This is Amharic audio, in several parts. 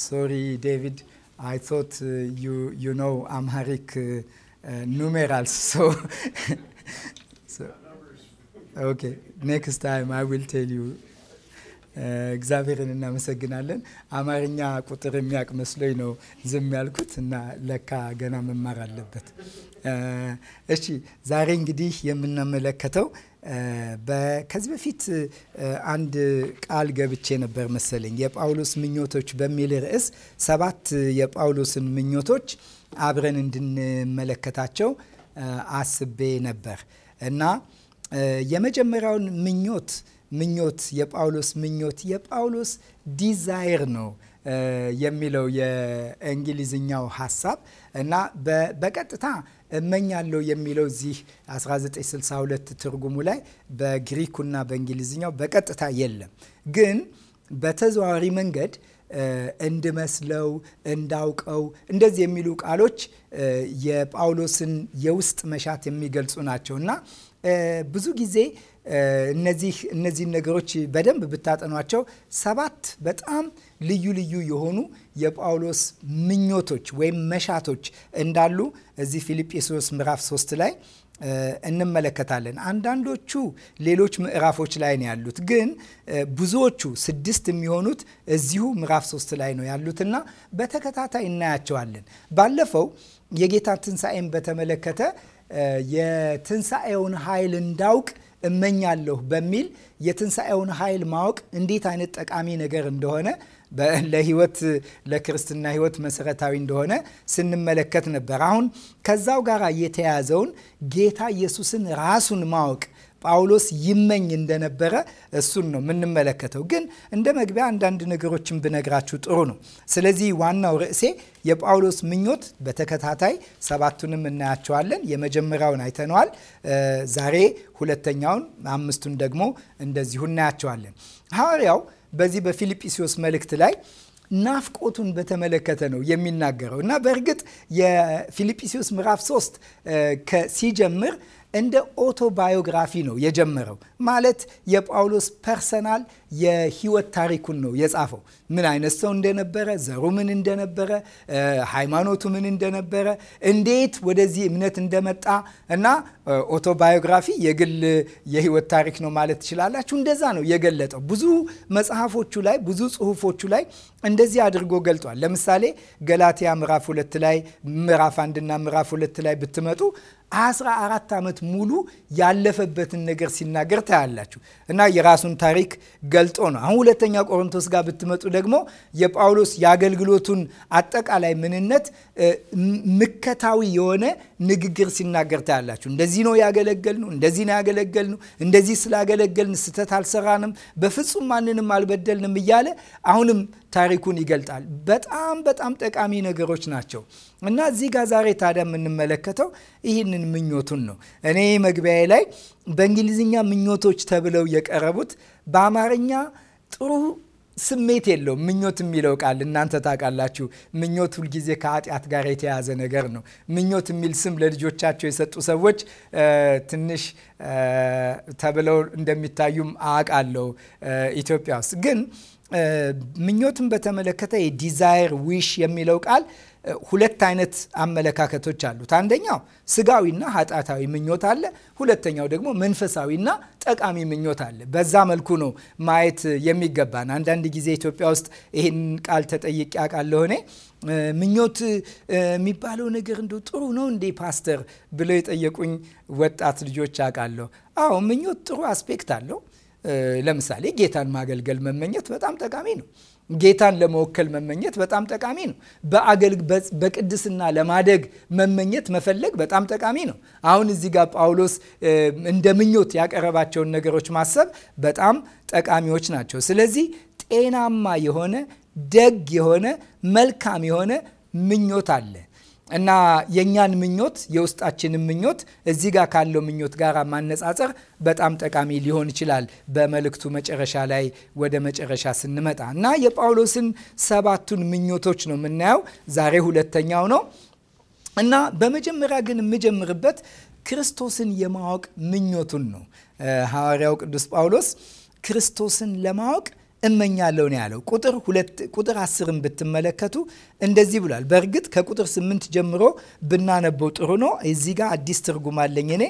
ሶሪ ዴቪድ አይ ቶት ዩ ኖው አምሃሪክ ኑሜራልስ ኔክስት ታይም አይ ዊል ቴል ዩ እግዚአብሔርን እናመሰግናለን። አማርኛ ቁጥር የሚያውቅ መስሎኝ ነው ዝም ያልኩት እና ለካ ገና መማር አለበት። uh, እሺ ዛሬ እንግዲህ የምንመለከተው ከዚህ በፊት አንድ ቃል ገብቼ ነበር መሰለኝ የጳውሎስ ምኞቶች በሚል ርዕስ ሰባት የጳውሎስን ምኞቶች አብረን እንድንመለከታቸው አስቤ ነበር እና የመጀመሪያውን ምኞት ምኞት የጳውሎስ ምኞት የጳውሎስ ዲዛይር ነው የሚለው የእንግሊዝኛው ሀሳብ እና በቀጥታ እመኛለሁ የሚለው እዚህ 1962 ትርጉሙ ላይ በግሪኩና በእንግሊዝኛው በቀጥታ የለም። ግን በተዘዋዋሪ መንገድ እንድመስለው፣ እንዳውቀው እንደዚህ የሚሉ ቃሎች የጳውሎስን የውስጥ መሻት የሚገልጹ ናቸው እና ብዙ ጊዜ እነዚህ እነዚህን ነገሮች በደንብ ብታጠኗቸው ሰባት በጣም ልዩ ልዩ የሆኑ የጳውሎስ ምኞቶች ወይም መሻቶች እንዳሉ እዚህ ፊልጵስዩስ ምዕራፍ 3 ላይ እንመለከታለን። አንዳንዶቹ ሌሎች ምዕራፎች ላይ ነው ያሉት፣ ግን ብዙዎቹ ስድስት የሚሆኑት እዚሁ ምዕራፍ 3 ላይ ነው ያሉትና በተከታታይ እናያቸዋለን። ባለፈው የጌታ ትንሣኤን በተመለከተ የትንሣኤውን ኃይል እንዳውቅ እመኛለሁ በሚል የትንሣኤውን ኃይል ማወቅ እንዴት አይነት ጠቃሚ ነገር እንደሆነ ለህይወት ለክርስትና ህይወት መሰረታዊ እንደሆነ ስንመለከት ነበር። አሁን ከዛው ጋር የተያያዘውን ጌታ ኢየሱስን ራሱን ማወቅ ጳውሎስ ይመኝ እንደነበረ እሱን ነው የምንመለከተው። ግን እንደ መግቢያ አንዳንድ ነገሮችን ብነግራችሁ ጥሩ ነው። ስለዚህ ዋናው ርዕሴ የጳውሎስ ምኞት በተከታታይ ሰባቱንም እናያቸዋለን። የመጀመሪያውን አይተነዋል። ዛሬ ሁለተኛውን፣ አምስቱን ደግሞ እንደዚሁ እናያቸዋለን። ሐዋርያው በዚህ በፊልጵስዩስ መልእክት ላይ ናፍቆቱን በተመለከተ ነው የሚናገረው እና በእርግጥ የፊልጵስዩስ ምዕራፍ 3 ሲጀምር እንደ ኦቶባዮግራፊ ነው የጀመረው። ማለት የጳውሎስ ፐርሰናል የህይወት ታሪኩን ነው የጻፈው። ምን አይነት ሰው እንደነበረ፣ ዘሩ ምን እንደነበረ፣ ሃይማኖቱ ምን እንደነበረ፣ እንዴት ወደዚህ እምነት እንደመጣ እና ኦቶባዮግራፊ የግል የህይወት ታሪክ ነው ማለት ትችላላችሁ። እንደዛ ነው የገለጠው። ብዙ መጽሐፎቹ ላይ ብዙ ጽሁፎቹ ላይ እንደዚህ አድርጎ ገልጧል። ለምሳሌ ገላትያ ምዕራፍ ሁለት ላይ ምዕራፍ አንድና ምዕራፍ ሁለት ላይ ብትመጡ አስራ አራት ዓመት ሙሉ ያለፈበትን ነገር ሲናገር ታያላችሁ እና የራሱን ታሪክ ገ ገልጦ ነው። አሁን ሁለተኛ ቆሮንቶስ ጋር ብትመጡ ደግሞ የጳውሎስ የአገልግሎቱን አጠቃላይ ምንነት ምከታዊ የሆነ ንግግር ሲናገር ታያላችሁ። እንደዚህ ነው ያገለገልን እንደዚህ ነው ያገለገልን እንደዚህ ስላገለገልን ስህተት አልሰራንም፣ በፍጹም ማንንም አልበደልንም እያለ አሁንም ታሪኩን ይገልጣል። በጣም በጣም ጠቃሚ ነገሮች ናቸው እና እዚህ ጋር ዛሬ ታዲያ የምንመለከተው ይህንን ምኞቱን ነው። እኔ መግቢያዬ ላይ በእንግሊዝኛ ምኞቶች ተብለው የቀረቡት በአማርኛ ጥሩ ስሜት የለውም። ምኞት የሚለው ቃል እናንተ ታውቃላችሁ። ምኞት ሁልጊዜ ከኃጢአት ጋር የተያያዘ ነገር ነው። ምኞት የሚል ስም ለልጆቻቸው የሰጡ ሰዎች ትንሽ ተብለው እንደሚታዩም አውቃለሁ። ኢትዮጵያ ውስጥ ግን ምኞትን በተመለከተ የዲዛይር ዊሽ የሚለው ቃል ሁለት አይነት አመለካከቶች አሉት። አንደኛው ስጋዊና ኃጢአታዊ ምኞት አለ። ሁለተኛው ደግሞ መንፈሳዊና ጠቃሚ ምኞት አለ። በዛ መልኩ ነው ማየት የሚገባን። አንዳንድ ጊዜ ኢትዮጵያ ውስጥ ይህን ቃል ተጠይቄ አውቃለሁ። እኔ ምኞት የሚባለው ነገር እንደ ጥሩ ነው እንዴ ፓስተር ብለው የጠየቁኝ ወጣት ልጆች አውቃለሁ። አዎ ምኞት ጥሩ አስፔክት አለው ለምሳሌ ጌታን ማገልገል መመኘት በጣም ጠቃሚ ነው። ጌታን ለመወከል መመኘት በጣም ጠቃሚ ነው። በቅድስና ለማደግ መመኘት መፈለግ በጣም ጠቃሚ ነው። አሁን እዚህ ጋር ጳውሎስ እንደ ምኞት ያቀረባቸውን ነገሮች ማሰብ በጣም ጠቃሚዎች ናቸው። ስለዚህ ጤናማ የሆነ ደግ የሆነ መልካም የሆነ ምኞት አለ። እና የእኛን ምኞት የውስጣችንን ምኞት እዚህ ጋር ካለው ምኞት ጋር ማነጻጸር በጣም ጠቃሚ ሊሆን ይችላል። በመልእክቱ መጨረሻ ላይ ወደ መጨረሻ ስንመጣ እና የጳውሎስን ሰባቱን ምኞቶች ነው የምናየው። ዛሬ ሁለተኛው ነው እና በመጀመሪያ ግን የምጀምርበት ክርስቶስን የማወቅ ምኞቱን ነው። ሐዋርያው ቅዱስ ጳውሎስ ክርስቶስን ለማወቅ እመኛለሁ ነው ያለው። ቁጥር ሁለት ቁጥር አስርን ብትመለከቱ እንደዚህ ብሏል። በእርግጥ ከቁጥር ስምንት ጀምሮ ብናነበው ጥሩ ነው። እዚህ ጋር አዲስ ትርጉም አለኝ እኔ።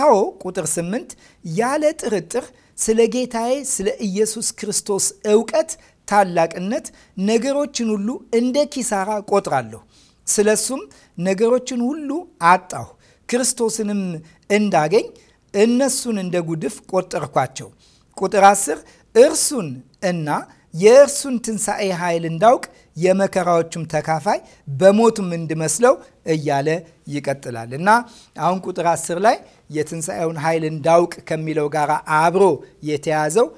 አዎ ቁጥር ስምንት ያለ ጥርጥር ስለ ጌታዬ ስለ ኢየሱስ ክርስቶስ እውቀት ታላቅነት ነገሮችን ሁሉ እንደ ኪሳራ ቆጥራለሁ። ስለ እሱም ነገሮችን ሁሉ አጣሁ፣ ክርስቶስንም እንዳገኝ እነሱን እንደ ጉድፍ ቆጠርኳቸው። ቁጥር አስር እርሱን እና የእርሱን ትንሣኤ ኃይል እንዳውቅ የመከራዎቹም ተካፋይ በሞቱም እንድመስለው እያለ ይቀጥላል እና አሁን ቁጥር አስር ላይ የትንሣኤውን ኃይል እንዳውቅ ከሚለው ጋር አብሮ የተያዘው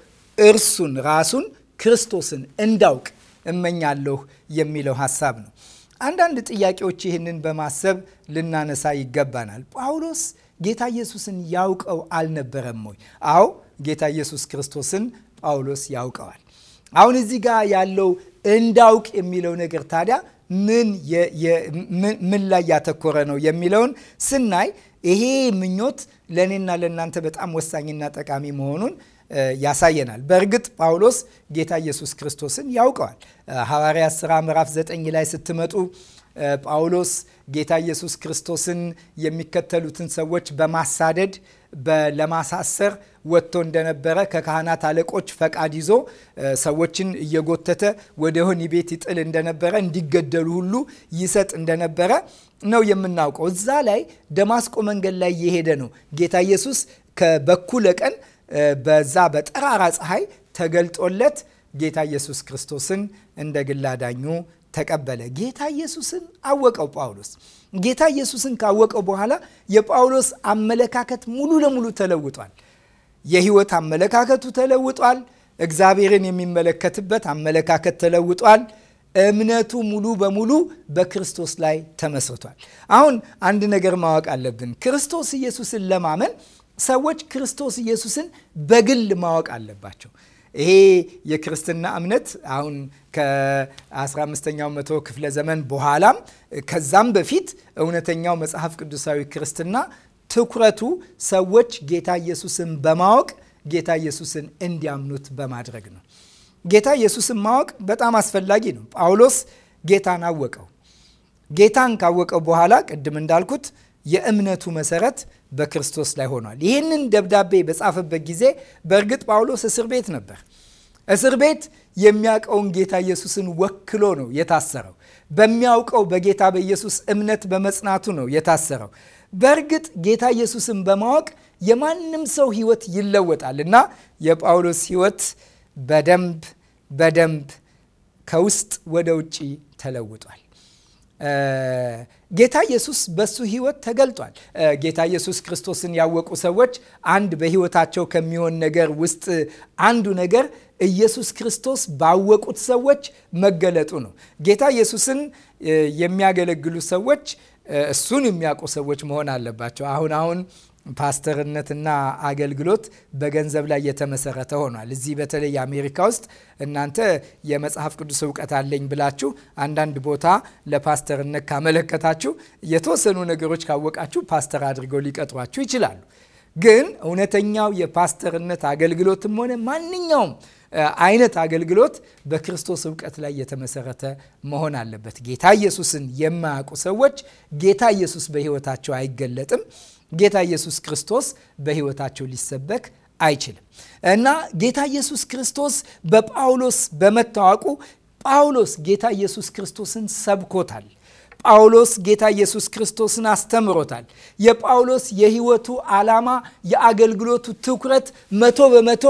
እርሱን ራሱን ክርስቶስን እንዳውቅ እመኛለሁ የሚለው ሀሳብ ነው። አንዳንድ ጥያቄዎች ይህንን በማሰብ ልናነሳ ይገባናል። ጳውሎስ ጌታ ኢየሱስን ያውቀው አልነበረም ወይ? አዎ ጌታ ኢየሱስ ክርስቶስን ጳውሎስ ያውቀዋል። አሁን እዚህ ጋር ያለው እንዳውቅ የሚለው ነገር ታዲያ ምን ላይ ያተኮረ ነው የሚለውን ስናይ ይሄ ምኞት ለእኔና ለእናንተ በጣም ወሳኝና ጠቃሚ መሆኑን ያሳየናል። በእርግጥ ጳውሎስ ጌታ ኢየሱስ ክርስቶስን ያውቀዋል። ሐዋርያት ሥራ ምዕራፍ 9 ላይ ስትመጡ ጳውሎስ ጌታ ኢየሱስ ክርስቶስን የሚከተሉትን ሰዎች በማሳደድ ለማሳሰር ወጥቶ እንደነበረ ከካህናት አለቆች ፈቃድ ይዞ ሰዎችን እየጎተተ ወደ ወህኒ ቤት ይጥል እንደነበረ እንዲገደሉ ሁሉ ይሰጥ እንደነበረ ነው የምናውቀው። እዛ ላይ ደማስቆ መንገድ ላይ እየሄደ ነው ጌታ ኢየሱስ ከበኩለ ቀን በዛ በጠራራ ፀሐይ ተገልጦለት ጌታ ኢየሱስ ክርስቶስን እንደ ግላ አዳኙ ተቀበለ። ጌታ ኢየሱስን አወቀው ጳውሎስ። ጌታ ኢየሱስን ካወቀው በኋላ የጳውሎስ አመለካከት ሙሉ ለሙሉ ተለውጧል። የህይወት አመለካከቱ ተለውጧል። እግዚአብሔርን የሚመለከትበት አመለካከት ተለውጧል። እምነቱ ሙሉ በሙሉ በክርስቶስ ላይ ተመስርቷል። አሁን አንድ ነገር ማወቅ አለብን። ክርስቶስ ኢየሱስን ለማመን ሰዎች ክርስቶስ ኢየሱስን በግል ማወቅ አለባቸው። ይሄ የክርስትና እምነት አሁን ከ15ኛው መቶ ክፍለ ዘመን በኋላም ከዛም በፊት እውነተኛው መጽሐፍ ቅዱሳዊ ክርስትና ትኩረቱ ሰዎች ጌታ ኢየሱስን በማወቅ ጌታ ኢየሱስን እንዲያምኑት በማድረግ ነው። ጌታ ኢየሱስን ማወቅ በጣም አስፈላጊ ነው። ጳውሎስ ጌታን አወቀው። ጌታን ካወቀው በኋላ ቅድም እንዳልኩት የእምነቱ መሰረት በክርስቶስ ላይ ሆኗል። ይህንን ደብዳቤ በጻፈበት ጊዜ በእርግጥ ጳውሎስ እስር ቤት ነበር። እስር ቤት የሚያውቀውን ጌታ ኢየሱስን ወክሎ ነው የታሰረው። በሚያውቀው በጌታ በኢየሱስ እምነት በመጽናቱ ነው የታሰረው። በእርግጥ ጌታ ኢየሱስን በማወቅ የማንም ሰው ሕይወት ይለወጣል እና የጳውሎስ ሕይወት በደንብ በደንብ ከውስጥ ወደ ውጭ ተለውጧል። ጌታ ኢየሱስ በሱ ህይወት ተገልጧል። ጌታ ኢየሱስ ክርስቶስን ያወቁ ሰዎች አንድ በህይወታቸው ከሚሆን ነገር ውስጥ አንዱ ነገር ኢየሱስ ክርስቶስ ባወቁት ሰዎች መገለጡ ነው። ጌታ ኢየሱስን የሚያገለግሉ ሰዎች እሱን የሚያውቁ ሰዎች መሆን አለባቸው። አሁን አሁን ፓስተርነትና አገልግሎት በገንዘብ ላይ የተመሰረተ ሆኗል። እዚህ በተለይ አሜሪካ ውስጥ እናንተ የመጽሐፍ ቅዱስ እውቀት አለኝ ብላችሁ አንዳንድ ቦታ ለፓስተርነት ካመለከታችሁ የተወሰኑ ነገሮች ካወቃችሁ ፓስተር አድርገው ሊቀጥሯችሁ ይችላሉ። ግን እውነተኛው የፓስተርነት አገልግሎትም ሆነ ማንኛውም አይነት አገልግሎት በክርስቶስ እውቀት ላይ የተመሰረተ መሆን አለበት። ጌታ ኢየሱስን የማያውቁ ሰዎች ጌታ ኢየሱስ በሕይወታቸው አይገለጥም። ጌታ ኢየሱስ ክርስቶስ በሕይወታቸው ሊሰበክ አይችልም እና ጌታ ኢየሱስ ክርስቶስ በጳውሎስ በመታወቁ ጳውሎስ ጌታ ኢየሱስ ክርስቶስን ሰብኮታል። ጳውሎስ ጌታ ኢየሱስ ክርስቶስን አስተምሮታል። የጳውሎስ የህይወቱ ዓላማ፣ የአገልግሎቱ ትኩረት መቶ በመቶ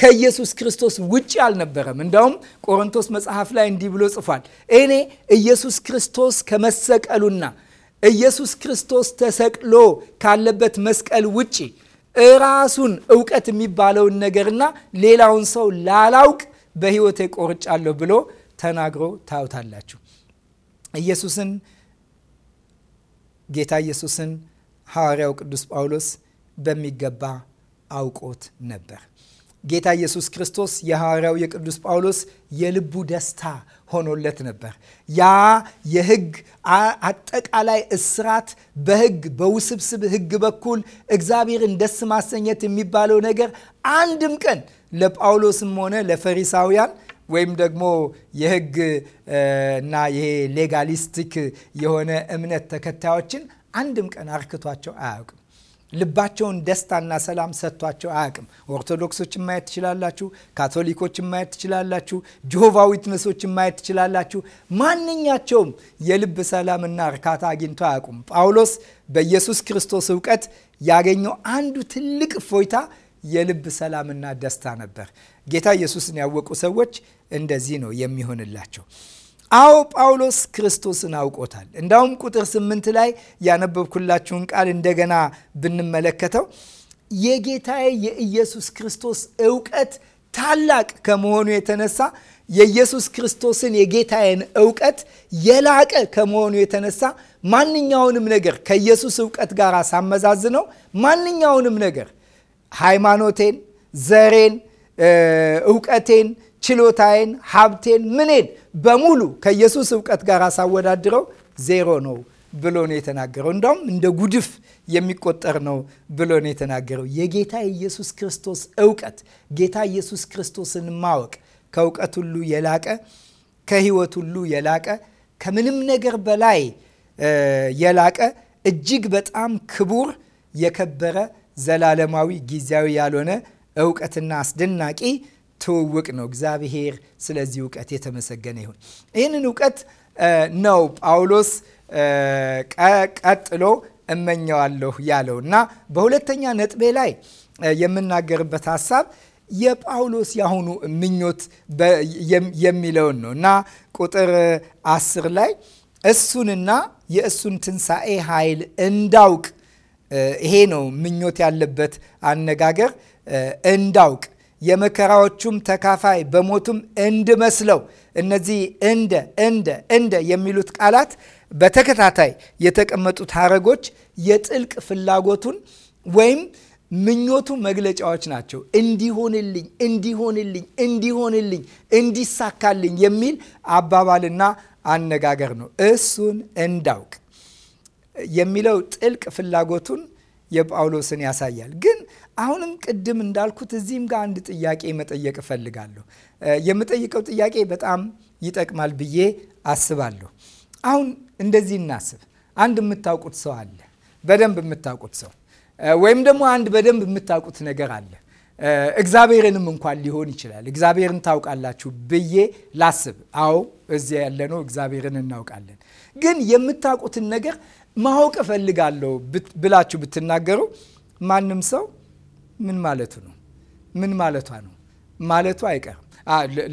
ከኢየሱስ ክርስቶስ ውጭ አልነበረም። እንዳውም ቆሮንቶስ መጽሐፍ ላይ እንዲህ ብሎ ጽፏል፣ እኔ ኢየሱስ ክርስቶስ ከመሰቀሉና ኢየሱስ ክርስቶስ ተሰቅሎ ካለበት መስቀል ውጪ ራሱን እውቀት የሚባለውን ነገርና ሌላውን ሰው ላላውቅ በሕይወቴ ቆርጫለሁ ብሎ ተናግሮ ታውታላችሁ። ኢየሱስን ጌታ ኢየሱስን ሐዋርያው ቅዱስ ጳውሎስ በሚገባ አውቆት ነበር። ጌታ ኢየሱስ ክርስቶስ የሐዋርያው የቅዱስ ጳውሎስ የልቡ ደስታ ሆኖለት ነበር። ያ የህግ አጠቃላይ እስራት በህግ በውስብስብ ህግ በኩል እግዚአብሔርን ደስ ማሰኘት የሚባለው ነገር አንድም ቀን ለጳውሎስም ሆነ ለፈሪሳውያን ወይም ደግሞ የህግ እና ይሄ ሌጋሊስቲክ የሆነ እምነት ተከታዮችን አንድም ቀን አርክቷቸው አያውቅም። ልባቸውን ደስታና ሰላም ሰጥቷቸው አያውቅም። ኦርቶዶክሶችን ማየት ትችላላችሁ። ካቶሊኮችን ማየት ትችላላችሁ። ጆሆቫ ዊትነሶችን ማየት ትችላላችሁ። ማንኛቸውም የልብ ሰላምና እርካታ አግኝቶ አያውቁም። ጳውሎስ በኢየሱስ ክርስቶስ እውቀት ያገኘው አንዱ ትልቅ እፎይታ የልብ ሰላምና ደስታ ነበር። ጌታ ኢየሱስን ያወቁ ሰዎች እንደዚህ ነው የሚሆንላቸው። አዎ ጳውሎስ ክርስቶስን አውቆታል። እንዳውም ቁጥር ስምንት ላይ ያነበብኩላችሁን ቃል እንደገና ብንመለከተው የጌታዬ የኢየሱስ ክርስቶስ እውቀት ታላቅ ከመሆኑ የተነሳ የኢየሱስ ክርስቶስን የጌታዬን እውቀት የላቀ ከመሆኑ የተነሳ ማንኛውንም ነገር ከኢየሱስ እውቀት ጋር ሳመዛዝነው ማንኛውንም ነገር ሃይማኖቴን፣ ዘሬን፣ እውቀቴን ችሎታዬን፣ ሀብቴን፣ ምኔን በሙሉ ከኢየሱስ እውቀት ጋር ሳወዳድረው ዜሮ ነው ብሎ ነው የተናገረው። እንዳውም እንደ ጉድፍ የሚቆጠር ነው ብሎ ነው የተናገረው። የጌታ የኢየሱስ ክርስቶስ እውቀት፣ ጌታ ኢየሱስ ክርስቶስን ማወቅ ከእውቀት ሁሉ የላቀ ከህይወት ሁሉ የላቀ ከምንም ነገር በላይ የላቀ እጅግ በጣም ክቡር የከበረ ዘላለማዊ ጊዜያዊ ያልሆነ እውቀትና አስደናቂ ትውውቅ ነው። እግዚአብሔር ስለዚህ እውቀት የተመሰገነ ይሁን። ይህንን እውቀት ነው ጳውሎስ ቀጥሎ እመኘዋለሁ ያለው እና በሁለተኛ ነጥቤ ላይ የምናገርበት ሀሳብ የጳውሎስ የአሁኑ ምኞት የሚለውን ነው እና ቁጥር አስር ላይ እሱንና የእሱን ትንሣኤ ኃይል እንዳውቅ ይሄ ነው ምኞት ያለበት አነጋገር እንዳውቅ የመከራዎቹም ተካፋይ በሞቱም እንድመስለው እነዚህ እንደ እንደ እንደ የሚሉት ቃላት በተከታታይ የተቀመጡት ሀረጎች የጥልቅ ፍላጎቱን ወይም ምኞቱ መግለጫዎች ናቸው። እንዲሆንልኝ እንዲሆንልኝ እንዲሆንልኝ እንዲሳካልኝ የሚል አባባልና አነጋገር ነው። እሱን እንዳውቅ የሚለው ጥልቅ ፍላጎቱን የጳውሎስን ያሳያል። ግን አሁንም ቅድም እንዳልኩት እዚህም ጋር አንድ ጥያቄ መጠየቅ እፈልጋለሁ። የምጠይቀው ጥያቄ በጣም ይጠቅማል ብዬ አስባለሁ። አሁን እንደዚህ እናስብ። አንድ የምታውቁት ሰው አለ፣ በደንብ የምታውቁት ሰው ወይም ደግሞ አንድ በደንብ የምታውቁት ነገር አለ። እግዚአብሔርንም እንኳን ሊሆን ይችላል። እግዚአብሔርን ታውቃላችሁ ብዬ ላስብ። አዎ እዚያ ያለነው እግዚአብሔርን እናውቃለን። ግን የምታውቁትን ነገር ማወቅ እፈልጋለሁ ብላችሁ ብትናገሩ ማንም ሰው ምን ማለቱ ነው? ምን ማለቷ ነው? ማለቱ አይቀርም።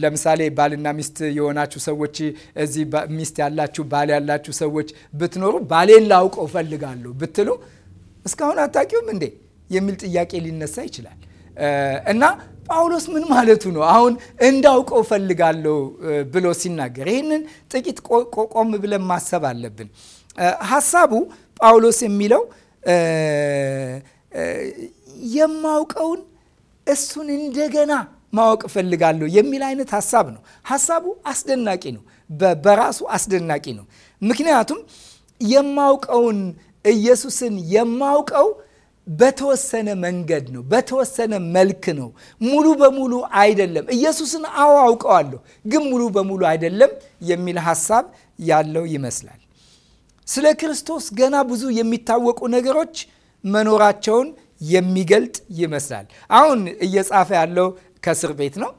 ለምሳሌ ባልና ሚስት የሆናችሁ ሰዎች እዚህ ሚስት ያላችሁ ባል ያላችሁ ሰዎች ብትኖሩ ባሌን ላውቀው ፈልጋለሁ ብትሉ እስካሁን አታውቂውም እንዴ የሚል ጥያቄ ሊነሳ ይችላል። እና ጳውሎስ ምን ማለቱ ነው? አሁን እንዳውቀው ፈልጋለሁ ብሎ ሲናገር ይህንን ጥቂት ቆቆም ብለን ማሰብ አለብን። ሀሳቡ ጳውሎስ የሚለው የማውቀውን እሱን እንደገና ማወቅ እፈልጋለሁ የሚል አይነት ሀሳብ ነው። ሀሳቡ አስደናቂ ነው፣ በራሱ አስደናቂ ነው። ምክንያቱም የማውቀውን ኢየሱስን የማውቀው በተወሰነ መንገድ ነው፣ በተወሰነ መልክ ነው። ሙሉ በሙሉ አይደለም። ኢየሱስን አዎ አውቀዋለሁ፣ ግን ሙሉ በሙሉ አይደለም የሚል ሀሳብ ያለው ይመስላል። ስለ ክርስቶስ ገና ብዙ የሚታወቁ ነገሮች መኖራቸውን የሚገልጥ ይመስላል። አሁን እየጻፈ ያለው ከእስር ቤት ነው።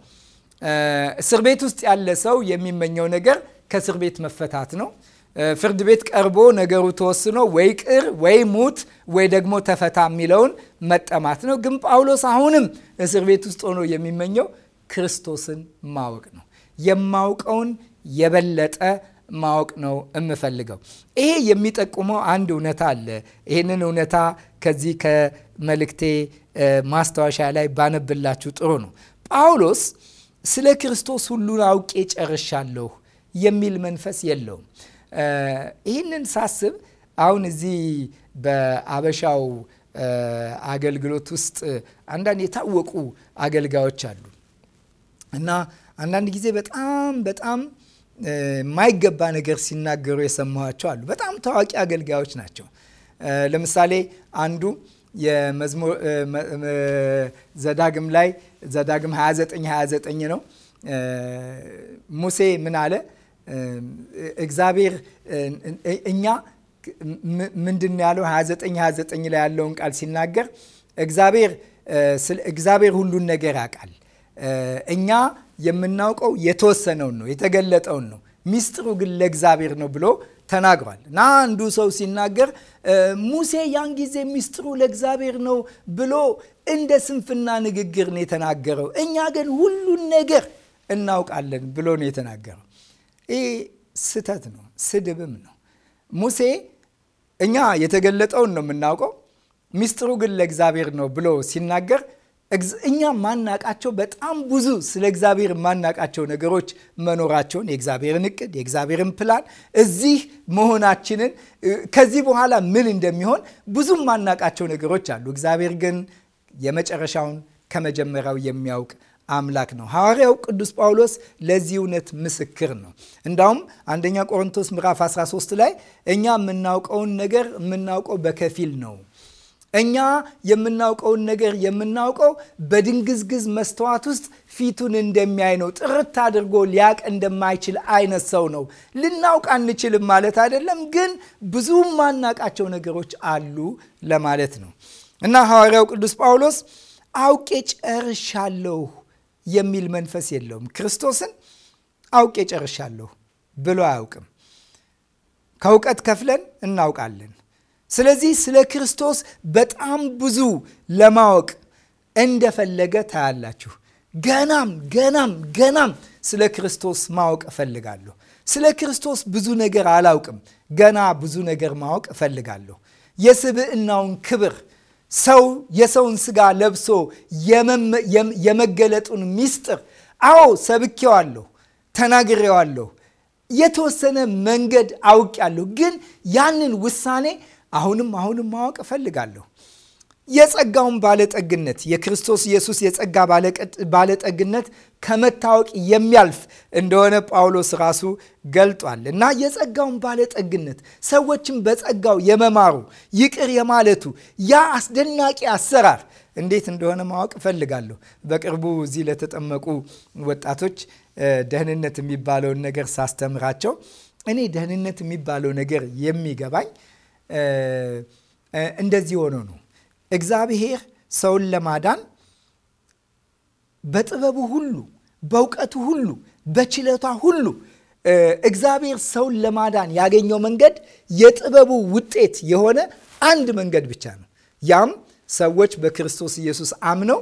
እስር ቤት ውስጥ ያለ ሰው የሚመኘው ነገር ከእስር ቤት መፈታት ነው። ፍርድ ቤት ቀርቦ ነገሩ ተወስኖ ወይ ቅር ወይ ሙት ወይ ደግሞ ተፈታ የሚለውን መጠማት ነው። ግን ጳውሎስ አሁንም እስር ቤት ውስጥ ሆኖ የሚመኘው ክርስቶስን ማወቅ ነው። የማውቀውን የበለጠ ማወቅ ነው የምፈልገው። ይሄ የሚጠቁመው አንድ እውነታ አለ። ይህንን እውነታ ከዚህ ከመልእክቴ ማስታወሻ ላይ ባነብላችሁ ጥሩ ነው። ጳውሎስ ስለ ክርስቶስ ሁሉን አውቄ ጨርሻለሁ የሚል መንፈስ የለውም። ይህንን ሳስብ አሁን እዚህ በአበሻው አገልግሎት ውስጥ አንዳንድ የታወቁ አገልጋዮች አሉ እና አንዳንድ ጊዜ በጣም በጣም የማይገባ ነገር ሲናገሩ የሰማኋቸው አሉ። በጣም ታዋቂ አገልጋዮች ናቸው። ለምሳሌ አንዱ የመዝሙር ዘዳግም ላይ ዘዳግም 29 29 ነው። ሙሴ ምን አለ? እግዚአብሔር እኛ ምንድን ያለው 29 29 ላይ ያለውን ቃል ሲናገር እግዚአብሔር ሁሉን ነገር ያውቃል እኛ የምናውቀው የተወሰነውን ነው፣ የተገለጠውን ነው። ሚስጥሩ ግን ለእግዚአብሔር ነው ብሎ ተናግሯል። እና አንዱ ሰው ሲናገር ሙሴ ያን ጊዜ ሚስጥሩ ለእግዚአብሔር ነው ብሎ እንደ ስንፍና ንግግር ነው የተናገረው፣ እኛ ግን ሁሉን ነገር እናውቃለን ብሎ ነው የተናገረው። ይህ ስህተት ነው፣ ስድብም ነው። ሙሴ እኛ የተገለጠውን ነው የምናውቀው፣ ሚስጥሩ ግን ለእግዚአብሔር ነው ብሎ ሲናገር እኛ ማናቃቸው በጣም ብዙ ስለ እግዚአብሔር ማናቃቸው ነገሮች መኖራቸውን የእግዚአብሔርን እቅድ የእግዚአብሔርን ፕላን እዚህ መሆናችንን ከዚህ በኋላ ምን እንደሚሆን ብዙ ማናቃቸው ነገሮች አሉ። እግዚአብሔር ግን የመጨረሻውን ከመጀመሪያው የሚያውቅ አምላክ ነው። ሐዋርያው ቅዱስ ጳውሎስ ለዚህ እውነት ምስክር ነው። እንዳውም አንደኛ ቆሮንቶስ ምዕራፍ 13 ላይ እኛ የምናውቀውን ነገር የምናውቀው በከፊል ነው እኛ የምናውቀውን ነገር የምናውቀው በድንግዝግዝ መስተዋት ውስጥ ፊቱን እንደሚያይ ነው። ጥርት አድርጎ ሊያቅ እንደማይችል አይነት ሰው ነው። ልናውቅ አንችልም ማለት አይደለም፣ ግን ብዙ ማናቃቸው ነገሮች አሉ ለማለት ነው እና ሐዋርያው ቅዱስ ጳውሎስ አውቄ ጨርሻለሁ የሚል መንፈስ የለውም። ክርስቶስን አውቄ ጨርሻለሁ ብሎ አያውቅም። ከእውቀት ከፍለን እናውቃለን ስለዚህ ስለ ክርስቶስ በጣም ብዙ ለማወቅ እንደፈለገ ታያላችሁ። ገናም ገናም ገናም ስለ ክርስቶስ ማወቅ እፈልጋለሁ። ስለ ክርስቶስ ብዙ ነገር አላውቅም፣ ገና ብዙ ነገር ማወቅ እፈልጋለሁ። የስብዕናውን ክብር ሰው የሰውን ስጋ ለብሶ የመገለጡን ሚስጥር አዎ ሰብኬዋለሁ፣ ተናግሬዋለሁ። የተወሰነ መንገድ አውቄያለሁ፣ ግን ያንን ውሳኔ አሁንም አሁንም ማወቅ እፈልጋለሁ የጸጋውን ባለጠግነት የክርስቶስ ኢየሱስ የጸጋ ባለጠግነት ከመታወቅ የሚያልፍ እንደሆነ ጳውሎስ ራሱ ገልጧል እና የጸጋውን ባለጠግነት ሰዎችን በጸጋው የመማሩ ይቅር የማለቱ ያ አስደናቂ አሰራር እንዴት እንደሆነ ማወቅ እፈልጋለሁ። በቅርቡ እዚህ ለተጠመቁ ወጣቶች ደህንነት የሚባለውን ነገር ሳስተምራቸው እኔ ደህንነት የሚባለው ነገር የሚገባኝ እንደዚህ ሆኖ ነው እግዚአብሔር ሰውን ለማዳን በጥበቡ ሁሉ፣ በእውቀቱ ሁሉ፣ በችለቷ ሁሉ እግዚአብሔር ሰውን ለማዳን ያገኘው መንገድ የጥበቡ ውጤት የሆነ አንድ መንገድ ብቻ ነው። ያም ሰዎች በክርስቶስ ኢየሱስ አምነው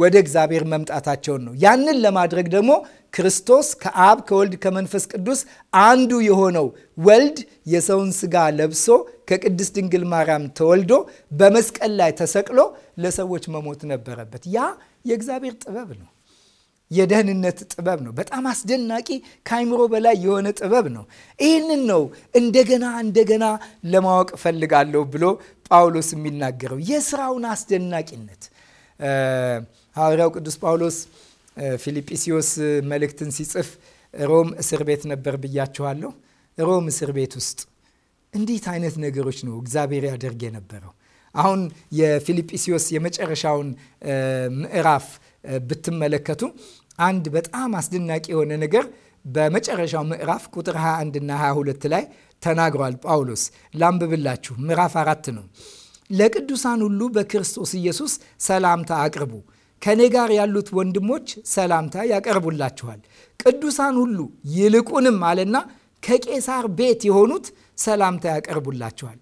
ወደ እግዚአብሔር መምጣታቸውን ነው። ያንን ለማድረግ ደግሞ ክርስቶስ ከአብ ከወልድ ከመንፈስ ቅዱስ አንዱ የሆነው ወልድ የሰውን ስጋ ለብሶ ከቅድስት ድንግል ማርያም ተወልዶ በመስቀል ላይ ተሰቅሎ ለሰዎች መሞት ነበረበት። ያ የእግዚአብሔር ጥበብ ነው። የደህንነት ጥበብ ነው። በጣም አስደናቂ ከአይምሮ በላይ የሆነ ጥበብ ነው። ይህንን ነው እንደገና እንደገና ለማወቅ ፈልጋለሁ ብሎ ጳውሎስ የሚናገረው የስራውን አስደናቂነት ሐዋርያው ቅዱስ ጳውሎስ ፊልጵስዩስ መልእክትን ሲጽፍ ሮም እስር ቤት ነበር ብያችኋለሁ። ሮም እስር ቤት ውስጥ እንዴት አይነት ነገሮች ነው እግዚአብሔር ያደርግ የነበረው? አሁን የፊልጵስዩስ የመጨረሻውን ምዕራፍ ብትመለከቱ አንድ በጣም አስደናቂ የሆነ ነገር በመጨረሻው ምዕራፍ ቁጥር 21 እና 22 ላይ ተናግሯል ጳውሎስ። ላንብብላችሁ። ምዕራፍ አራት ነው። ለቅዱሳን ሁሉ በክርስቶስ ኢየሱስ ሰላምታ አቅርቡ። ከእኔ ጋር ያሉት ወንድሞች ሰላምታ ያቀርቡላችኋል። ቅዱሳን ሁሉ ይልቁንም አለና ከቄሳር ቤት የሆኑት ሰላምታ ያቀርቡላችኋል።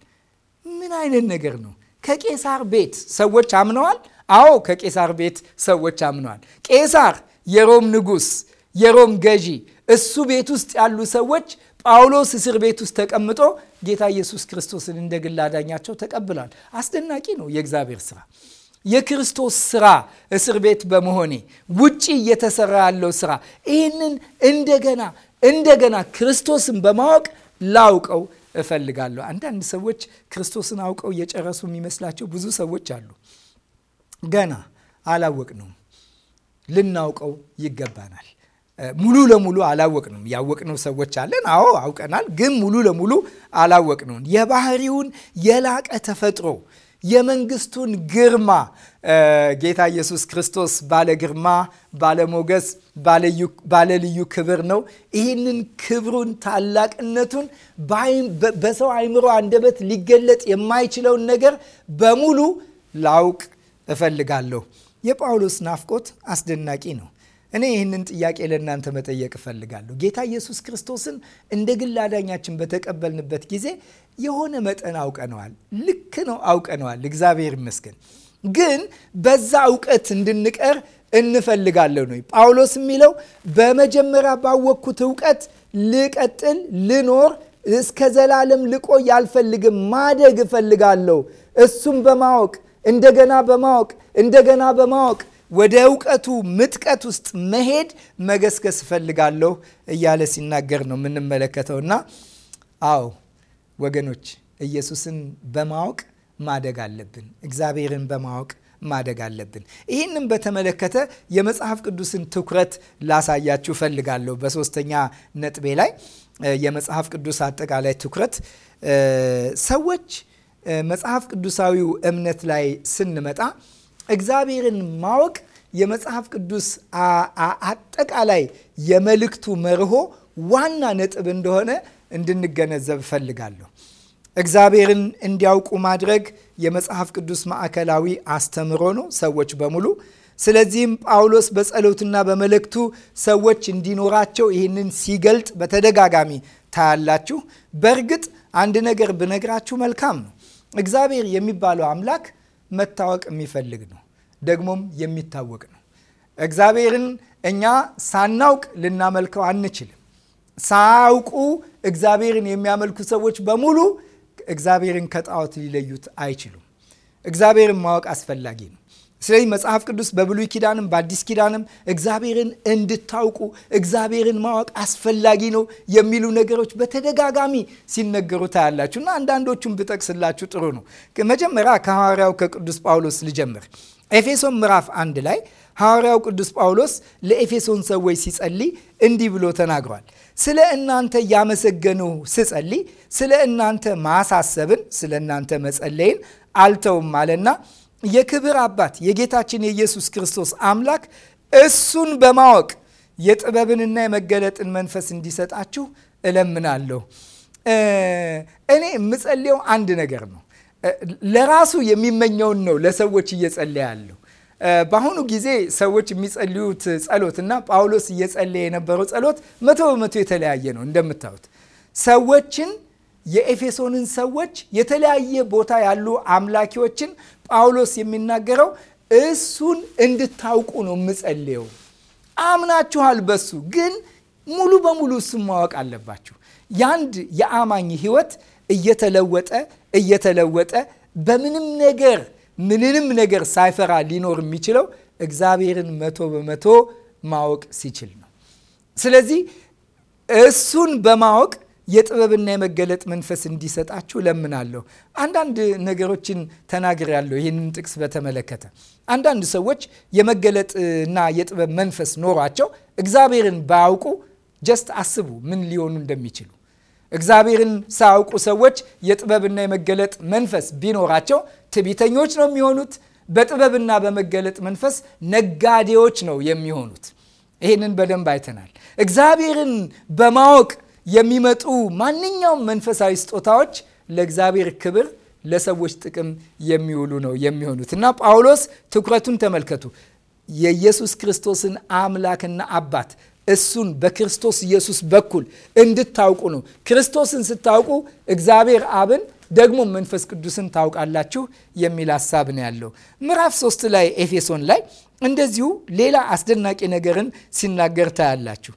ምን አይነት ነገር ነው? ከቄሳር ቤት ሰዎች አምነዋል። አዎ ከቄሳር ቤት ሰዎች አምነዋል። ቄሳር የሮም ንጉስ የሮም ገዢ፣ እሱ ቤት ውስጥ ያሉ ሰዎች ጳውሎስ እስር ቤት ውስጥ ተቀምጦ ጌታ ኢየሱስ ክርስቶስን እንደ ግል አዳኛቸው ተቀብሏል። አስደናቂ ነው የእግዚአብሔር ስራ። የክርስቶስ ስራ እስር ቤት በመሆኔ ውጪ እየተሰራ ያለው ስራ ይህንን እንደገና እንደገና ክርስቶስን በማወቅ ላውቀው እፈልጋለሁ። አንዳንድ ሰዎች ክርስቶስን አውቀው እየጨረሱ የሚመስላቸው ብዙ ሰዎች አሉ። ገና አላወቅ ነው። ልናውቀው ይገባናል። ሙሉ ለሙሉ አላወቅንም። ያወቅነው ሰዎች አለን። አዎ አውቀናል፣ ግን ሙሉ ለሙሉ አላወቅነውን የባህሪውን የላቀ ተፈጥሮ የመንግስቱን ግርማ ጌታ ኢየሱስ ክርስቶስ ባለ ግርማ፣ ባለ ሞገስ፣ ባለ ልዩ ክብር ነው። ይህንን ክብሩን ታላቅነቱን በሰው አይምሮ አንደበት ሊገለጥ የማይችለውን ነገር በሙሉ ላውቅ እፈልጋለሁ። የጳውሎስ ናፍቆት አስደናቂ ነው። እኔ ይህንን ጥያቄ ለእናንተ መጠየቅ እፈልጋለሁ። ጌታ ኢየሱስ ክርስቶስን እንደ ግል አዳኛችን በተቀበልንበት ጊዜ የሆነ መጠን አውቀነዋል። ልክ ነው፣ አውቀነዋል። እግዚአብሔር ይመስገን። ግን በዛ እውቀት እንድንቀር እንፈልጋለሁ ነው ጳውሎስ የሚለው። በመጀመሪያ ባወቅኩት እውቀት ልቀጥል፣ ልኖር፣ እስከ ዘላለም ልቆይ አልፈልግም። ማደግ እፈልጋለሁ። እሱም በማወቅ እንደገና በማወቅ እንደገና በማወቅ ወደ እውቀቱ ምጥቀት ውስጥ መሄድ መገስገስ እፈልጋለሁ እያለ ሲናገር ነው የምንመለከተው። እና አዎ ወገኖች ኢየሱስን በማወቅ ማደግ አለብን። እግዚአብሔርን በማወቅ ማደግ አለብን። ይህንም በተመለከተ የመጽሐፍ ቅዱስን ትኩረት ላሳያችሁ እፈልጋለሁ። በሶስተኛ ነጥቤ ላይ የመጽሐፍ ቅዱስ አጠቃላይ ትኩረት ሰዎች መጽሐፍ ቅዱሳዊው እምነት ላይ ስንመጣ እግዚአብሔርን ማወቅ የመጽሐፍ ቅዱስ አጠቃላይ የመልእክቱ መርሆ ዋና ነጥብ እንደሆነ እንድንገነዘብ እፈልጋለሁ። እግዚአብሔርን እንዲያውቁ ማድረግ የመጽሐፍ ቅዱስ ማዕከላዊ አስተምህሮ ነው፣ ሰዎች በሙሉ። ስለዚህም ጳውሎስ በጸሎትና በመልእክቱ ሰዎች እንዲኖራቸው ይህንን ሲገልጥ በተደጋጋሚ ታያላችሁ። በእርግጥ አንድ ነገር ብነግራችሁ መልካም ነው። እግዚአብሔር የሚባለው አምላክ መታወቅ የሚፈልግ ነው። ደግሞም የሚታወቅ ነው። እግዚአብሔርን እኛ ሳናውቅ ልናመልከው አንችልም። ሳያውቁ እግዚአብሔርን የሚያመልኩ ሰዎች በሙሉ እግዚአብሔርን ከጣዖት ሊለዩት አይችሉም። እግዚአብሔርን ማወቅ አስፈላጊ ነው። ስለዚህ መጽሐፍ ቅዱስ በብሉይ ኪዳንም በአዲስ ኪዳንም እግዚአብሔርን እንድታውቁ እግዚአብሔርን ማወቅ አስፈላጊ ነው የሚሉ ነገሮች በተደጋጋሚ ሲነገሩ ታያላችሁ እና አንዳንዶቹም ብጠቅስላችሁ ጥሩ ነው። መጀመሪያ ከሐዋርያው ከቅዱስ ጳውሎስ ልጀምር። ኤፌሶን ምዕራፍ አንድ ላይ ሐዋርያው ቅዱስ ጳውሎስ ለኤፌሶን ሰዎች ሲጸልይ እንዲህ ብሎ ተናግሯል። ስለ እናንተ ያመሰገንሁ ስጸልይ ስለ እናንተ ማሳሰብን ስለ እናንተ መጸለይን አልተውም አለና የክብር አባት የጌታችን የኢየሱስ ክርስቶስ አምላክ እሱን በማወቅ የጥበብንና የመገለጥን መንፈስ እንዲሰጣችሁ እለምናለሁ። እኔ የምጸልየው አንድ ነገር ነው። ለራሱ የሚመኘውን ነው ለሰዎች እየጸለየ ያለሁ። በአሁኑ ጊዜ ሰዎች የሚጸልዩት ጸሎት እና ጳውሎስ እየጸለየ የነበረው ጸሎት መቶ በመቶ የተለያየ ነው። እንደምታዩት ሰዎችን የኤፌሶንን ሰዎች የተለያየ ቦታ ያሉ አምላኪዎችን ጳውሎስ የሚናገረው እሱን እንድታውቁ ነው የምጸልየው። አምናችኋል በሱ ግን ሙሉ በሙሉ እሱን ማወቅ አለባችሁ። ያንድ የአማኝ ህይወት እየተለወጠ እየተለወጠ በምንም ነገር ምንንም ነገር ሳይፈራ ሊኖር የሚችለው እግዚአብሔርን መቶ በመቶ ማወቅ ሲችል ነው። ስለዚህ እሱን በማወቅ የጥበብና የመገለጥ መንፈስ እንዲሰጣችሁ ለምናለሁ። አንዳንድ ነገሮችን ተናግሬያለሁ ይህንን ጥቅስ በተመለከተ አንዳንድ ሰዎች የመገለጥና የጥበብ መንፈስ ኖሯቸው እግዚአብሔርን ባያውቁ ጀስት አስቡ ምን ሊሆኑ እንደሚችሉ። እግዚአብሔርን ሳያውቁ ሰዎች የጥበብና የመገለጥ መንፈስ ቢኖራቸው ትዕቢተኞች ነው የሚሆኑት። በጥበብና በመገለጥ መንፈስ ነጋዴዎች ነው የሚሆኑት። ይህንን በደንብ አይተናል። እግዚአብሔርን በማወቅ የሚመጡ ማንኛውም መንፈሳዊ ስጦታዎች ለእግዚአብሔር ክብር ለሰዎች ጥቅም የሚውሉ ነው የሚሆኑት እና ጳውሎስ ትኩረቱን ተመልከቱ። የኢየሱስ ክርስቶስን አምላክና አባት እሱን በክርስቶስ ኢየሱስ በኩል እንድታውቁ ነው። ክርስቶስን ስታውቁ እግዚአብሔር አብን ደግሞ መንፈስ ቅዱስን ታውቃላችሁ የሚል ሀሳብ ነው ያለው። ምዕራፍ ሶስት ላይ ኤፌሶን ላይ እንደዚሁ ሌላ አስደናቂ ነገርን ሲናገር ታያላችሁ።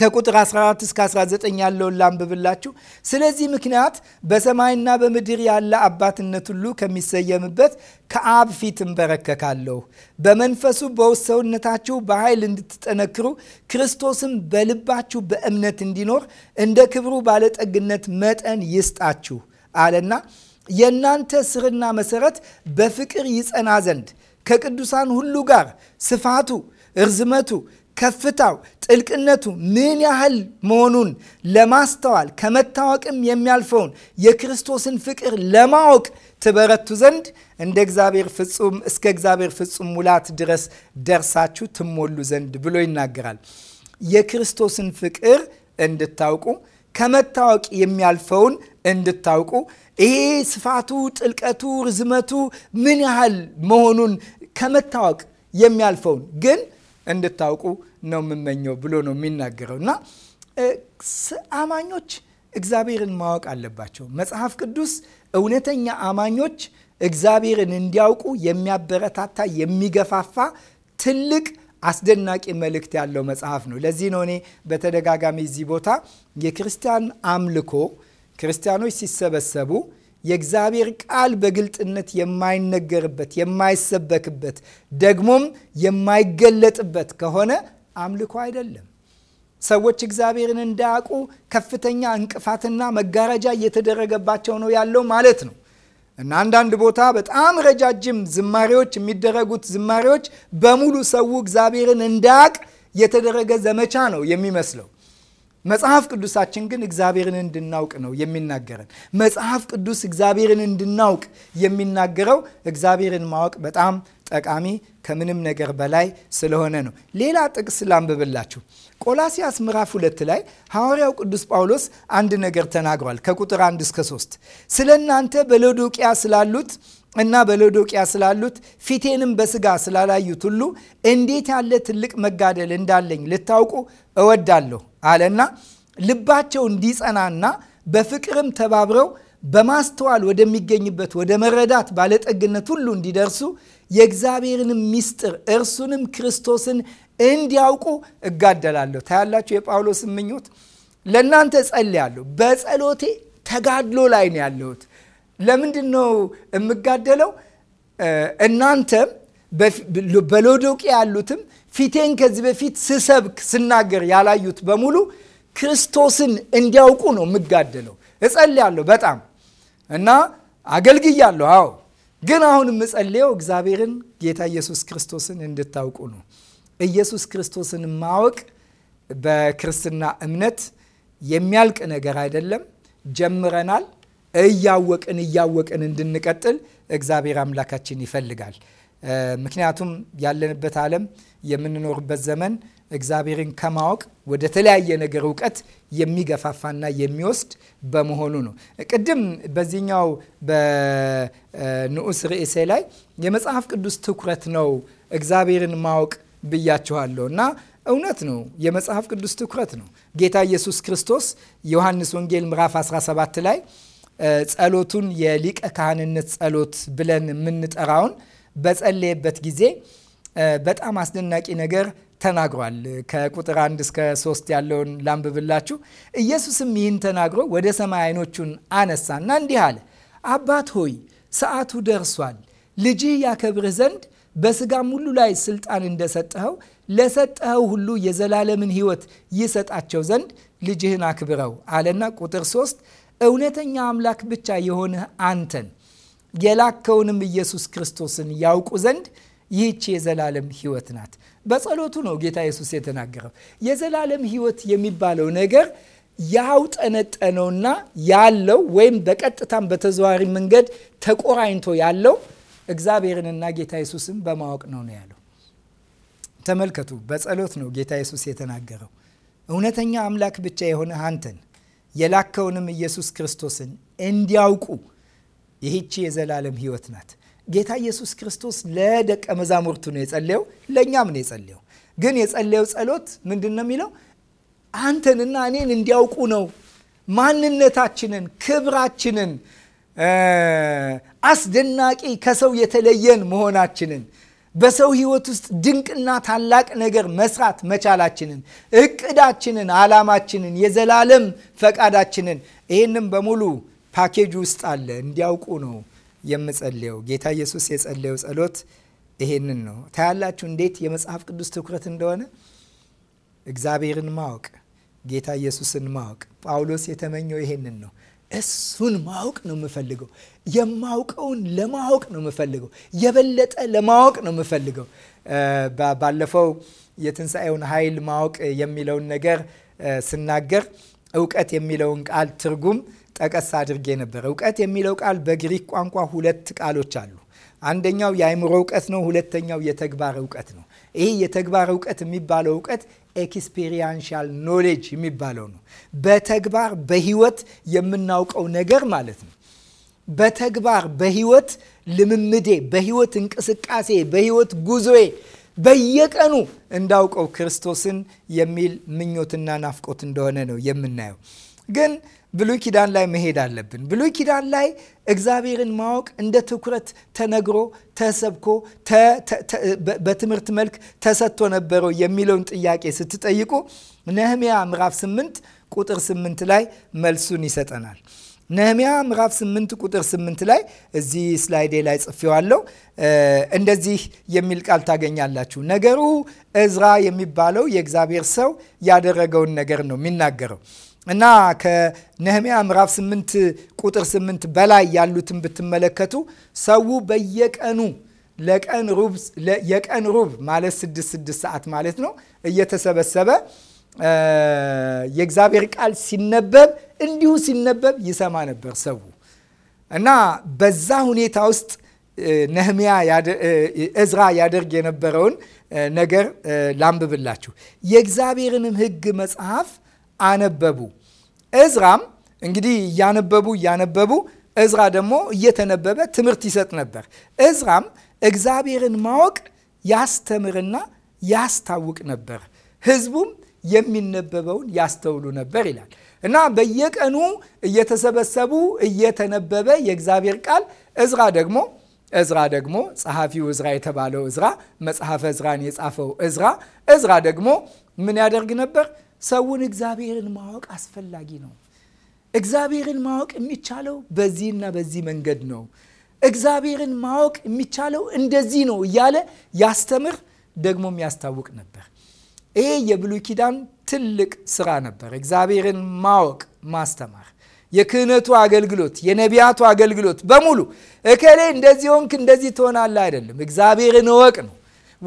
ከቁጥር 14 እስከ 19 ያለውን ላንብብላችሁ። ስለዚህ ምክንያት በሰማይና በምድር ያለ አባትነት ሁሉ ከሚሰየምበት ከአብ ፊት እንበረከካለሁ። በመንፈሱ በውስጥ ሰውነታችሁ በኃይል እንድትጠነክሩ ክርስቶስም በልባችሁ በእምነት እንዲኖር እንደ ክብሩ ባለጠግነት መጠን ይስጣችሁ አለና የእናንተ ስርና መሰረት በፍቅር ይጸና ዘንድ ከቅዱሳን ሁሉ ጋር ስፋቱ፣ እርዝመቱ ከፍታው፣ ጥልቅነቱ ምን ያህል መሆኑን ለማስተዋል ከመታወቅም የሚያልፈውን የክርስቶስን ፍቅር ለማወቅ ትበረቱ ዘንድ እንደ እግዚአብሔር ፍጹም እስከ እግዚአብሔር ፍጹም ሙላት ድረስ ደርሳችሁ ትሞሉ ዘንድ ብሎ ይናገራል። የክርስቶስን ፍቅር እንድታውቁ ከመታወቅ የሚያልፈውን እንድታውቁ ይሄ ስፋቱ፣ ጥልቀቱ፣ ርዝመቱ ምን ያህል መሆኑን ከመታወቅ የሚያልፈውን ግን እንድታውቁ ነው የምመኘው ብሎ ነው የሚናገረው እና አማኞች እግዚአብሔርን ማወቅ አለባቸው። መጽሐፍ ቅዱስ እውነተኛ አማኞች እግዚአብሔርን እንዲያውቁ የሚያበረታታ የሚገፋፋ ትልቅ አስደናቂ መልእክት ያለው መጽሐፍ ነው። ለዚህ ነው እኔ በተደጋጋሚ እዚህ ቦታ የክርስቲያን አምልኮ ክርስቲያኖች ሲሰበሰቡ የእግዚአብሔር ቃል በግልጥነት የማይነገርበት የማይሰበክበት ደግሞም የማይገለጥበት ከሆነ አምልኮ አይደለም። ሰዎች እግዚአብሔርን እንዳያውቁ ከፍተኛ እንቅፋትና መጋረጃ እየተደረገባቸው ነው ያለው ማለት ነው እና አንዳንድ ቦታ በጣም ረጃጅም ዝማሬዎች የሚደረጉት ዝማሬዎች በሙሉ ሰው እግዚአብሔርን እንዳያውቅ የተደረገ ዘመቻ ነው የሚመስለው። መጽሐፍ ቅዱሳችን ግን እግዚአብሔርን እንድናውቅ ነው የሚናገረን። መጽሐፍ ቅዱስ እግዚአብሔርን እንድናውቅ የሚናገረው እግዚአብሔርን ማወቅ በጣም ጠቃሚ ከምንም ነገር በላይ ስለሆነ ነው። ሌላ ጥቅስ ላንብብላችሁ። ቆላሲያስ ምዕራፍ ሁለት ላይ ሐዋርያው ቅዱስ ጳውሎስ አንድ ነገር ተናግሯል። ከቁጥር አንድ እስከ ሶስት ስለ እናንተ በሎዶቅያ ስላሉት እና በሎዶቅያ ስላሉት ፊቴንም በስጋ ስላላዩት ሁሉ እንዴት ያለ ትልቅ መጋደል እንዳለኝ ልታውቁ እወዳለሁ አለና ልባቸው እንዲጸናና በፍቅርም ተባብረው በማስተዋል ወደሚገኝበት ወደ መረዳት ባለጠግነት ሁሉ እንዲደርሱ የእግዚአብሔርንም ምስጢር እርሱንም ክርስቶስን እንዲያውቁ እጋደላለሁ። ታያላችሁ፣ የጳውሎስ ምኞት ለእናንተ ጸልያለሁ። በጸሎቴ ተጋድሎ ላይ ነው ያለሁት። ለምንድን ነው የምጋደለው? እናንተም በሎዶቄ ያሉትም ፊቴን ከዚህ በፊት ስሰብክ ስናገር ያላዩት በሙሉ ክርስቶስን እንዲያውቁ ነው የምጋደለው። እጸልያለሁ በጣም እና አገልግያለሁ። አዎ ግን አሁን የምጸልየው እግዚአብሔርን ጌታ ኢየሱስ ክርስቶስን እንድታውቁ ነው። ኢየሱስ ክርስቶስን ማወቅ በክርስትና እምነት የሚያልቅ ነገር አይደለም። ጀምረናል። እያወቅን እያወቅን እንድንቀጥል እግዚአብሔር አምላካችን ይፈልጋል። ምክንያቱም ያለንበት ዓለም የምንኖርበት ዘመን እግዚአብሔርን ከማወቅ ወደ ተለያየ ነገር እውቀት የሚገፋፋና የሚወስድ በመሆኑ ነው። ቅድም በዚህኛው በንዑስ ርዕሴ ላይ የመጽሐፍ ቅዱስ ትኩረት ነው እግዚአብሔርን ማወቅ ብያችኋለሁ እና እውነት ነው። የመጽሐፍ ቅዱስ ትኩረት ነው። ጌታ ኢየሱስ ክርስቶስ ዮሐንስ ወንጌል ምዕራፍ 17 ላይ ጸሎቱን የሊቀ ካህንነት ጸሎት ብለን የምንጠራውን በጸለየበት ጊዜ በጣም አስደናቂ ነገር ተናግሯል። ከቁጥር አንድ እስከ ሶስት ያለውን ላንብብላችሁ። ኢየሱስም ይህን ተናግሮ ወደ ሰማይ ዓይኖቹን አነሳና እንዲህ አለ፣ አባት ሆይ ሰዓቱ ደርሷል። ልጅህ ያከብርህ ዘንድ በስጋም ሁሉ ላይ ስልጣን እንደሰጠኸው ለሰጠኸው ሁሉ የዘላለምን ሕይወት ይሰጣቸው ዘንድ ልጅህን አክብረው አለና ቁጥር ሶስት እውነተኛ አምላክ ብቻ የሆነ አንተን የላከውንም ኢየሱስ ክርስቶስን ያውቁ ዘንድ ይህች የዘላለም ሕይወት ናት። በጸሎቱ ነው ጌታ ኢየሱስ የተናገረው። የዘላለም ሕይወት የሚባለው ነገር ያውጠነጠነውና ያለው ወይም በቀጥታም በተዘዋሪ መንገድ ተቆራኝቶ ያለው እግዚአብሔርንና ጌታ ኢየሱስን በማወቅ ነው ነው ያለው። ተመልከቱ፣ በጸሎት ነው ጌታ ኢየሱስ የተናገረው እውነተኛ አምላክ ብቻ የሆነ አንተን የላከውንም ኢየሱስ ክርስቶስን እንዲያውቁ ይህቺ የዘላለም ህይወት ናት። ጌታ ኢየሱስ ክርስቶስ ለደቀ መዛሙርቱ ነው የጸለየው፣ ለእኛም ነው የጸለየው። ግን የጸለየው ጸሎት ምንድን ነው የሚለው? አንተንና እኔን እንዲያውቁ ነው። ማንነታችንን፣ ክብራችንን፣ አስደናቂ ከሰው የተለየን መሆናችንን በሰው ህይወት ውስጥ ድንቅና ታላቅ ነገር መስራት መቻላችንን፣ እቅዳችንን፣ አላማችንን የዘላለም ፈቃዳችንን ይህንም በሙሉ ፓኬጅ ውስጥ አለ እንዲያውቁ ነው የምጸልየው። ጌታ ኢየሱስ የጸለየው ጸሎት ይሄንን ነው። ታያላችሁ እንዴት የመጽሐፍ ቅዱስ ትኩረት እንደሆነ እግዚአብሔርን ማወቅ ጌታ ኢየሱስን ማወቅ ጳውሎስ የተመኘው ይሄንን ነው። እሱን ማወቅ ነው የምፈልገው። የማውቀውን ለማወቅ ነው የምፈልገው። የበለጠ ለማወቅ ነው የምፈልገው። ባለፈው የትንሣኤውን ኃይል ማወቅ የሚለውን ነገር ስናገር እውቀት የሚለውን ቃል ትርጉም ጠቀስ አድርጌ ነበር። እውቀት የሚለው ቃል በግሪክ ቋንቋ ሁለት ቃሎች አሉ። አንደኛው የአእምሮ እውቀት ነው። ሁለተኛው የተግባር እውቀት ነው። ይሄ የተግባር እውቀት የሚባለው እውቀት ኤክስፔሪንሻል ኖሌጅ የሚባለው ነው። በተግባር በህይወት የምናውቀው ነገር ማለት ነው። በተግባር በህይወት ልምምዴ፣ በህይወት እንቅስቃሴ፣ በህይወት ጉዞዬ በየቀኑ እንዳውቀው ክርስቶስን የሚል ምኞትና ናፍቆት እንደሆነ ነው የምናየው ግን ብሉይ ኪዳን ላይ መሄድ አለብን። ብሉይ ኪዳን ላይ እግዚአብሔርን ማወቅ እንደ ትኩረት ተነግሮ ተሰብኮ በትምህርት መልክ ተሰጥቶ ነበረው የሚለውን ጥያቄ ስትጠይቁ ነህሚያ ምዕራፍ 8 ቁጥር 8 ላይ መልሱን ይሰጠናል። ነህሚያ ምዕራፍ 8 ቁጥር 8 ላይ እዚህ ስላይዴ ላይ ጽፌዋለሁ። እንደዚህ የሚል ቃል ታገኛላችሁ። ነገሩ እዝራ የሚባለው የእግዚአብሔር ሰው ያደረገውን ነገር ነው የሚናገረው እና ከነህሚያ ምዕራፍ 8 ቁጥር 8 በላይ ያሉትን ብትመለከቱ ሰው በየቀኑ ለቀን ሩብ የቀን ሩብ ማለት 66 ሰዓት ማለት ነው እየተሰበሰበ የእግዚአብሔር ቃል ሲነበብ እንዲሁ ሲነበብ ይሰማ ነበር ሰው እና በዛ ሁኔታ ውስጥ ነህሚያ እዝራ ያደርግ የነበረውን ነገር ላንብብላችሁ የእግዚአብሔርንም ሕግ መጽሐፍ አነበቡ። እዝራም እንግዲህ እያነበቡ እያነበቡ እዝራ ደግሞ እየተነበበ ትምህርት ይሰጥ ነበር። እዝራም እግዚአብሔርን ማወቅ ያስተምርና ያስታውቅ ነበር። ህዝቡም የሚነበበውን ያስተውሉ ነበር ይላል እና በየቀኑ እየተሰበሰቡ እየተነበበ የእግዚአብሔር ቃል እዝራ ደግሞ እዝራ ደግሞ ጸሐፊው እዝራ የተባለው እዝራ መጽሐፈ እዝራን የጻፈው እዝራ እዝራ ደግሞ ምን ያደርግ ነበር? ሰውን እግዚአብሔርን ማወቅ አስፈላጊ ነው። እግዚአብሔርን ማወቅ የሚቻለው በዚህና በዚህ መንገድ ነው። እግዚአብሔርን ማወቅ የሚቻለው እንደዚህ ነው እያለ ያስተምር ደግሞም ያስታውቅ ነበር። ይሄ የብሉይ ኪዳን ትልቅ ስራ ነበር። እግዚአብሔርን ማወቅ ማስተማር፣ የክህነቱ አገልግሎት፣ የነቢያቱ አገልግሎት በሙሉ እከሌ እንደዚህ ሆንክ እንደዚህ ትሆናለህ አይደለም፣ እግዚአብሔርን እወቅ ነው።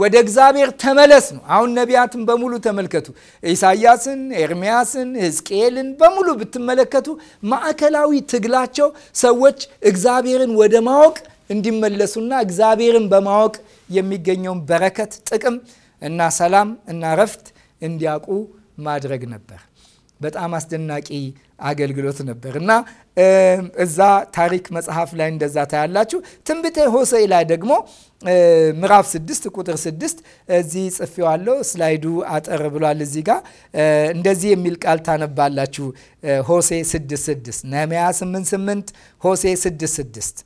ወደ እግዚአብሔር ተመለስ ነው። አሁን ነቢያትን በሙሉ ተመልከቱ። ኢሳያስን፣ ኤርሚያስን፣ ህዝቅኤልን በሙሉ ብትመለከቱ ማዕከላዊ ትግላቸው ሰዎች እግዚአብሔርን ወደ ማወቅ እንዲመለሱና እግዚአብሔርን በማወቅ የሚገኘውን በረከት፣ ጥቅም እና ሰላም እና ረፍት እንዲያውቁ ማድረግ ነበር። በጣም አስደናቂ አገልግሎት ነበር እና እዛ ታሪክ መጽሐፍ ላይ እንደዛ ታያላችሁ። ትንቢተ ሆሴዕ ላይ ደግሞ ምዕራፍ 6 ቁጥር 6 እዚህ ጽፌዋለሁ። ስላይዱ አጠር ብሏል። እዚህ ጋር እንደዚህ የሚል ቃል ታነባላችሁ። ሆሴዕ 6፥6 ነህምያ 8፥8 ሆሴዕ 6፥6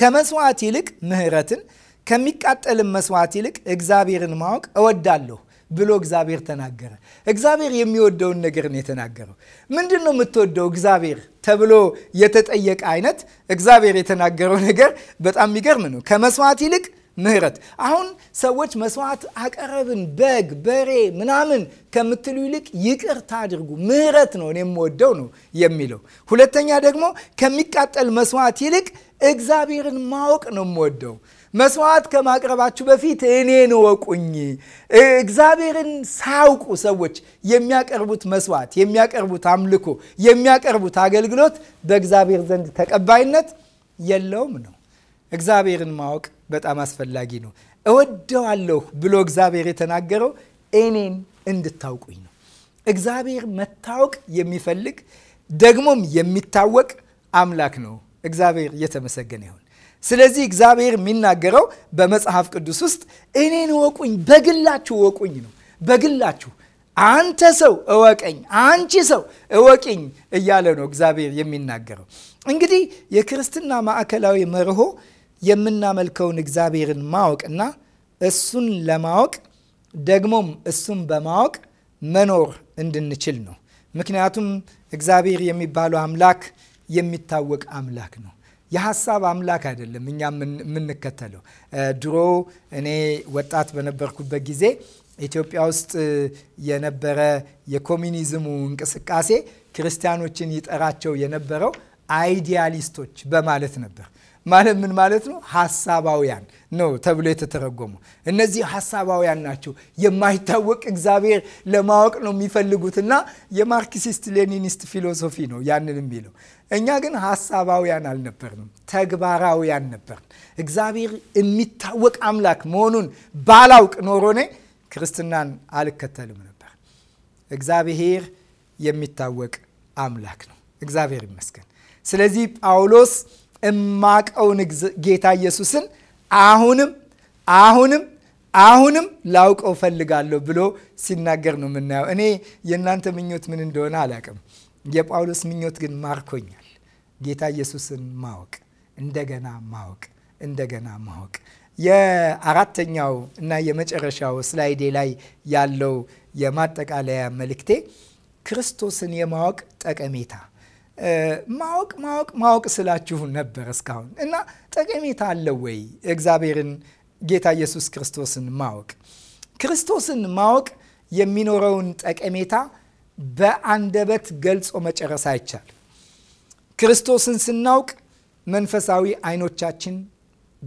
ከመስዋዕት ይልቅ ምህረትን ከሚቃጠልም መስዋዕት ይልቅ እግዚአብሔርን ማወቅ እወዳለሁ ብሎ እግዚአብሔር ተናገረ። እግዚአብሔር የሚወደውን ነገር ነው የተናገረው። ምንድን ነው የምትወደው እግዚአብሔር ተብሎ የተጠየቀ አይነት እግዚአብሔር የተናገረው ነገር በጣም የሚገርም ነው። ከመስዋዕት ይልቅ ምሕረት። አሁን ሰዎች መስዋዕት አቀረብን በግ፣ በሬ ምናምን ከምትሉ ይልቅ ይቅርታ አድርጉ፣ ምሕረት ነው እኔ የምወደው ነው የሚለው። ሁለተኛ ደግሞ ከሚቃጠል መስዋዕት ይልቅ እግዚአብሔርን ማወቅ ነው የምወደው መስዋዕት ከማቅረባችሁ በፊት እኔን እወቁኝ። እግዚአብሔርን ሳያውቁ ሰዎች የሚያቀርቡት መስዋዕት፣ የሚያቀርቡት አምልኮ፣ የሚያቀርቡት አገልግሎት በእግዚአብሔር ዘንድ ተቀባይነት የለውም ነው። እግዚአብሔርን ማወቅ በጣም አስፈላጊ ነው። እወደዋለሁ ብሎ እግዚአብሔር የተናገረው እኔን እንድታውቁኝ ነው። እግዚአብሔር መታወቅ የሚፈልግ ደግሞም የሚታወቅ አምላክ ነው። እግዚአብሔር እየተመሰገነ ይሁን። ስለዚህ እግዚአብሔር የሚናገረው በመጽሐፍ ቅዱስ ውስጥ እኔን እወቁኝ፣ በግላችሁ እወቁኝ ነው። በግላችሁ አንተ ሰው እወቀኝ፣ አንቺ ሰው እወቂኝ እያለ ነው እግዚአብሔር የሚናገረው። እንግዲህ የክርስትና ማዕከላዊ መርሆ የምናመልከውን እግዚአብሔርን ማወቅና እሱን ለማወቅ ደግሞም እሱን በማወቅ መኖር እንድንችል ነው። ምክንያቱም እግዚአብሔር የሚባለው አምላክ የሚታወቅ አምላክ ነው። የሀሳብ አምላክ አይደለም እኛ የምንከተለው። ድሮ እኔ ወጣት በነበርኩበት ጊዜ ኢትዮጵያ ውስጥ የነበረ የኮሚኒዝሙ እንቅስቃሴ ክርስቲያኖችን ይጠራቸው የነበረው አይዲያሊስቶች በማለት ነበር። ማለት ምን ማለት ነው? ሀሳባውያን ነው ተብሎ የተተረጎሙ። እነዚህ ሀሳባውያን ናቸው። የማይታወቅ እግዚአብሔር ለማወቅ ነው የሚፈልጉትና የማርክሲስት ሌኒኒስት ፊሎሶፊ ነው ያንን የሚለው እኛ ግን ሀሳባውያን አልነበርንም፣ ተግባራውያን ነበር። እግዚአብሔር የሚታወቅ አምላክ መሆኑን ባላውቅ ኖሮ እኔ ክርስትናን አልከተልም ነበር። እግዚአብሔር የሚታወቅ አምላክ ነው። እግዚአብሔር ይመስገን። ስለዚህ ጳውሎስ እማቀውን ጌታ ኢየሱስን አሁንም አሁንም አሁንም ላውቀው ፈልጋለሁ ብሎ ሲናገር ነው የምናየው። እኔ የእናንተ ምኞት ምን እንደሆነ አላቅም። የጳውሎስ ምኞት ግን ማርኮኛል። ጌታ ኢየሱስን ማወቅ፣ እንደገና ማወቅ፣ እንደገና ማወቅ። የአራተኛው እና የመጨረሻው ስላይዴ ላይ ያለው የማጠቃለያ መልእክቴ ክርስቶስን የማወቅ ጠቀሜታ ማወቅ ማወቅ ማወቅ ስላችሁ ነበር እስካሁን እና ጠቀሜታ አለው ወይ? እግዚአብሔርን ጌታ ኢየሱስ ክርስቶስን ማወቅ ክርስቶስን ማወቅ የሚኖረውን ጠቀሜታ በአንደበት ገልጾ መጨረስ አይቻልም። ክርስቶስን ስናውቅ መንፈሳዊ አይኖቻችን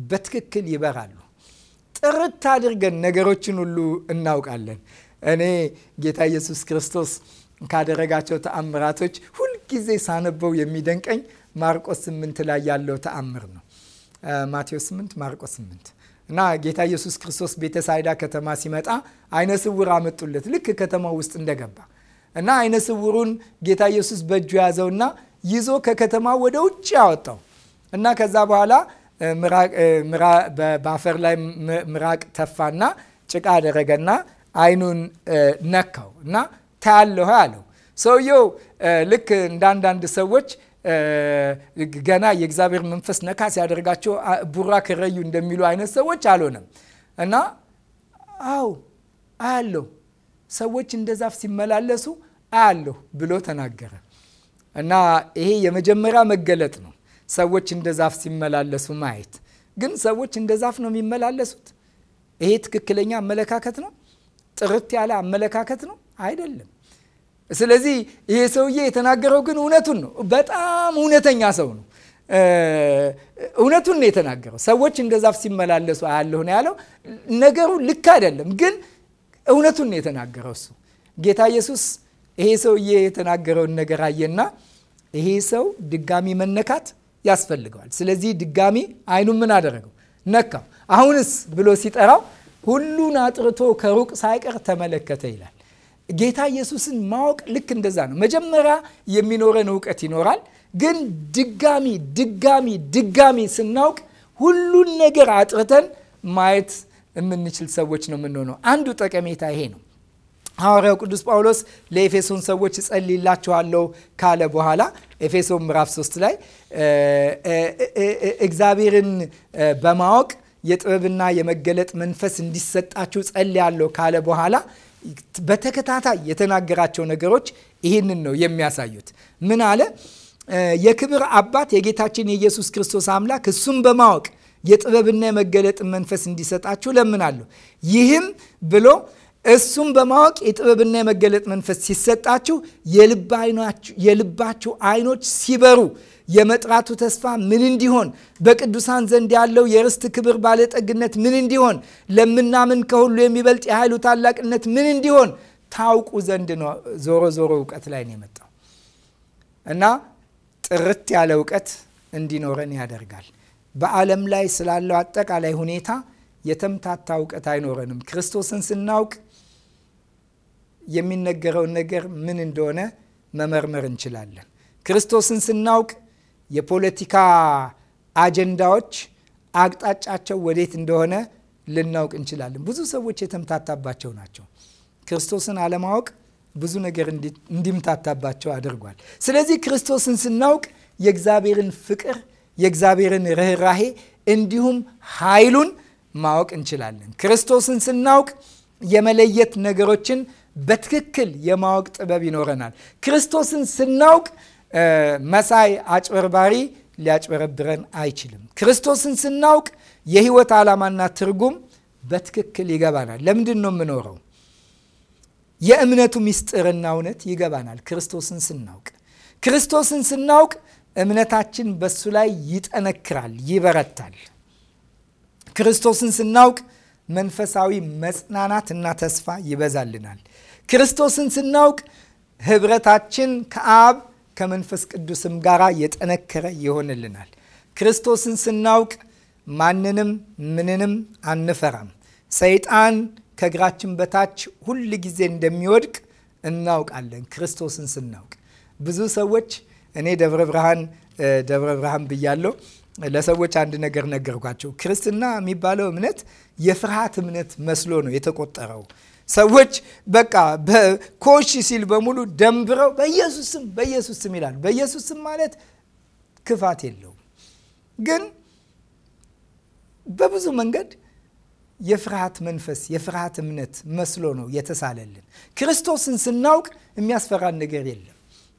በትክክል ይበራሉ። ጥርት አድርገን ነገሮችን ሁሉ እናውቃለን። እኔ ጌታ ኢየሱስ ክርስቶስ ካደረጋቸው ተአምራቶች ሁልጊዜ ሳነበው የሚደንቀኝ ማርቆስ ስምንት ላይ ያለው ተአምር ነው። ማቴዎስ ስምንት ማርቆስ ስምንት እና ጌታ ኢየሱስ ክርስቶስ ቤተሳይዳ ከተማ ሲመጣ አይነ ስውር አመጡለት ልክ ከተማው ውስጥ እንደገባ እና አይነ ስውሩን ጌታ ኢየሱስ በእጁ ያዘውና ይዞ ከከተማ ወደ ውጭ ያወጣው እና ከዛ በኋላ በአፈር ላይ ምራቅ ተፋና ጭቃ አደረገና አይኑን ነካው እና ታያለሁ አለው። ሰውየው ልክ እንደ አንዳንድ ሰዎች ገና የእግዚአብሔር መንፈስ ነካ ሲያደርጋቸው ቡራ ክረዩ እንደሚሉ አይነት ሰዎች አልሆነም እና አው አያለሁ፣ ሰዎች እንደ ዛፍ ሲመላለሱ አያለሁ ብሎ ተናገረ። እና ይሄ የመጀመሪያ መገለጥ ነው። ሰዎች እንደ ዛፍ ሲመላለሱ ማየት። ግን ሰዎች እንደ ዛፍ ነው የሚመላለሱት? ይሄ ትክክለኛ አመለካከት ነው? ጥርት ያለ አመለካከት ነው? አይደለም። ስለዚህ ይሄ ሰውዬ የተናገረው ግን እውነቱን ነው። በጣም እውነተኛ ሰው ነው። እውነቱን ነው የተናገረው። ሰዎች እንደ ዛፍ ሲመላለሱ አያለሁ ነው ያለው። ነገሩ ልክ አይደለም፣ ግን እውነቱን ነው የተናገረው እሱ ጌታ ኢየሱስ ይሄ ሰውዬ የተናገረውን ነገር አየና ይሄ ሰው ድጋሚ መነካት ያስፈልገዋል። ስለዚህ ድጋሚ አይኑን ምን አደረገው? ነካው። አሁንስ ብሎ ሲጠራው ሁሉን አጥርቶ ከሩቅ ሳይቀር ተመለከተ ይላል። ጌታ ኢየሱስን ማወቅ ልክ እንደዛ ነው። መጀመሪያ የሚኖረን እውቀት ይኖራል። ግን ድጋሚ ድጋሚ ድጋሚ ስናውቅ ሁሉን ነገር አጥርተን ማየት የምንችል ሰዎች ነው የምንሆነው። አንዱ ጠቀሜታ ይሄ ነው። ሐዋርያው ቅዱስ ጳውሎስ ለኤፌሶን ሰዎች እጸልይላችኋለሁ ካለ በኋላ ኤፌሶን ምዕራፍ 3 ላይ እግዚአብሔርን በማወቅ የጥበብና የመገለጥ መንፈስ እንዲሰጣችሁ ጸልያለሁ ካለ በኋላ በተከታታይ የተናገራቸው ነገሮች ይህንን ነው የሚያሳዩት። ምን አለ? የክብር አባት የጌታችን የኢየሱስ ክርስቶስ አምላክ እሱን በማወቅ የጥበብና የመገለጥ መንፈስ እንዲሰጣችሁ ለምናለሁ። ይህም ብሎ እሱም በማወቅ የጥበብና የመገለጥ መንፈስ ሲሰጣችሁ የልባችሁ አይኖች ሲበሩ የመጥራቱ ተስፋ ምን እንዲሆን በቅዱሳን ዘንድ ያለው የርስት ክብር ባለጠግነት ምን እንዲሆን ለምናምን ከሁሉ የሚበልጥ የኃይሉ ታላቅነት ምን እንዲሆን ታውቁ ዘንድ ነው። ዞሮ ዞሮ እውቀት ላይ ነው የመጣው እና ጥርት ያለ እውቀት እንዲኖረን ያደርጋል። በዓለም ላይ ስላለው አጠቃላይ ሁኔታ የተምታታ እውቀት አይኖረንም። ክርስቶስን ስናውቅ የሚነገረውን ነገር ምን እንደሆነ መመርመር እንችላለን። ክርስቶስን ስናውቅ የፖለቲካ አጀንዳዎች አቅጣጫቸው ወዴት እንደሆነ ልናውቅ እንችላለን። ብዙ ሰዎች የተምታታባቸው ናቸው። ክርስቶስን አለማወቅ ብዙ ነገር እንዲምታታባቸው አድርጓል። ስለዚህ ክርስቶስን ስናውቅ የእግዚአብሔርን ፍቅር፣ የእግዚአብሔርን ርኅራሄ እንዲሁም ኃይሉን ማወቅ እንችላለን። ክርስቶስን ስናውቅ የመለየት ነገሮችን በትክክል የማወቅ ጥበብ ይኖረናል። ክርስቶስን ስናውቅ መሳይ አጭበርባሪ ሊያጭበረብረን አይችልም። ክርስቶስን ስናውቅ የህይወት ዓላማና ትርጉም በትክክል ይገባናል። ለምንድን ነው የምኖረው? የእምነቱ ምስጢርና እውነት ይገባናል። ክርስቶስን ስናውቅ ክርስቶስን ስናውቅ እምነታችን በሱ ላይ ይጠነክራል፣ ይበረታል። ክርስቶስን ስናውቅ መንፈሳዊ መጽናናትና ተስፋ ይበዛልናል። ክርስቶስን ስናውቅ ህብረታችን ከአብ ከመንፈስ ቅዱስም ጋር የጠነከረ ይሆንልናል። ክርስቶስን ስናውቅ ማንንም ምንንም አንፈራም። ሰይጣን ከእግራችን በታች ሁል ጊዜ እንደሚወድቅ እናውቃለን። ክርስቶስን ስናውቅ ብዙ ሰዎች እኔ ደብረ ብርሃን ደብረ ብርሃን ብያለሁ። ለሰዎች አንድ ነገር ነገርኳቸው። ክርስትና የሚባለው እምነት የፍርሃት እምነት መስሎ ነው የተቆጠረው ሰዎች በቃ ኮሽ ሲል በሙሉ ደንብረው በኢየሱስም በኢየሱስም ስም ይላሉ። በኢየሱስ ስም ማለት ክፋት የለውም፣ ግን በብዙ መንገድ የፍርሃት መንፈስ የፍርሃት እምነት መስሎ ነው የተሳለልን። ክርስቶስን ስናውቅ የሚያስፈራን ነገር የለም።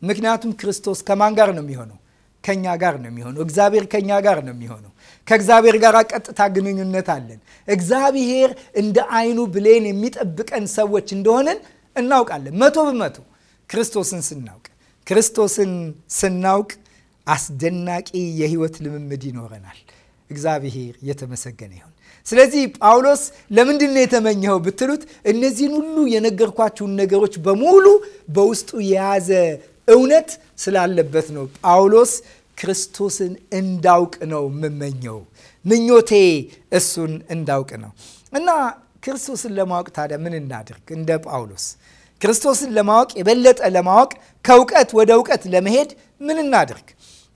ምክንያቱም ክርስቶስ ከማን ጋር ነው የሚሆነው? ከእኛ ጋር ነው የሚሆነው። እግዚአብሔር ከእኛ ጋር ነው የሚሆነው። ከእግዚአብሔር ጋር ቀጥታ ግንኙነት አለን። እግዚአብሔር እንደ አይኑ ብሌን የሚጠብቀን ሰዎች እንደሆንን እናውቃለን። መቶ በመቶ ክርስቶስን ስናውቅ ክርስቶስን ስናውቅ አስደናቂ የህይወት ልምምድ ይኖረናል። እግዚአብሔር የተመሰገነ ይሁን። ስለዚህ ጳውሎስ ለምንድን ነው የተመኘኸው ብትሉት እነዚህን ሁሉ የነገርኳችሁን ነገሮች በሙሉ በውስጡ የያዘ እውነት ስላለበት ነው ጳውሎስ ክርስቶስን እንዳውቅ ነው የምመኘው። ምኞቴ እሱን እንዳውቅ ነው እና ክርስቶስን ለማወቅ ታዲያ ምን እናድርግ? እንደ ጳውሎስ ክርስቶስን ለማወቅ የበለጠ ለማወቅ ከእውቀት ወደ እውቀት ለመሄድ ምን እናድርግ?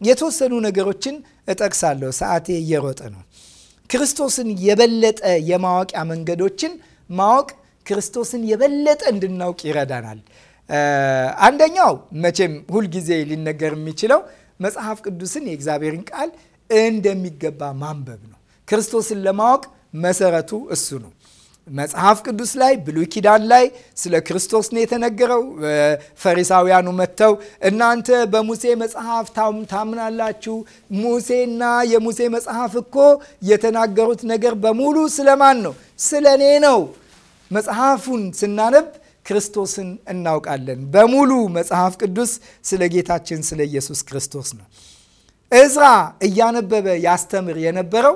የተወሰኑ ነገሮችን እጠቅሳለሁ። ሰዓቴ እየሮጠ ነው። ክርስቶስን የበለጠ የማወቂያ መንገዶችን ማወቅ ክርስቶስን የበለጠ እንድናውቅ ይረዳናል። አንደኛው መቼም ሁልጊዜ ሊነገር የሚችለው መጽሐፍ ቅዱስን የእግዚአብሔርን ቃል እንደሚገባ ማንበብ ነው። ክርስቶስን ለማወቅ መሰረቱ እሱ ነው። መጽሐፍ ቅዱስ ላይ ብሉይ ኪዳን ላይ ስለ ክርስቶስ ነው የተነገረው። ፈሪሳውያኑ መጥተው እናንተ በሙሴ መጽሐፍ ታምናላችሁ፣ ሙሴና የሙሴ መጽሐፍ እኮ የተናገሩት ነገር በሙሉ ስለማን ነው? ስለ እኔ ነው። መጽሐፉን ስናነብ ክርስቶስን እናውቃለን። በሙሉ መጽሐፍ ቅዱስ ስለ ጌታችን ስለ ኢየሱስ ክርስቶስ ነው። እዝራ እያነበበ ያስተምር የነበረው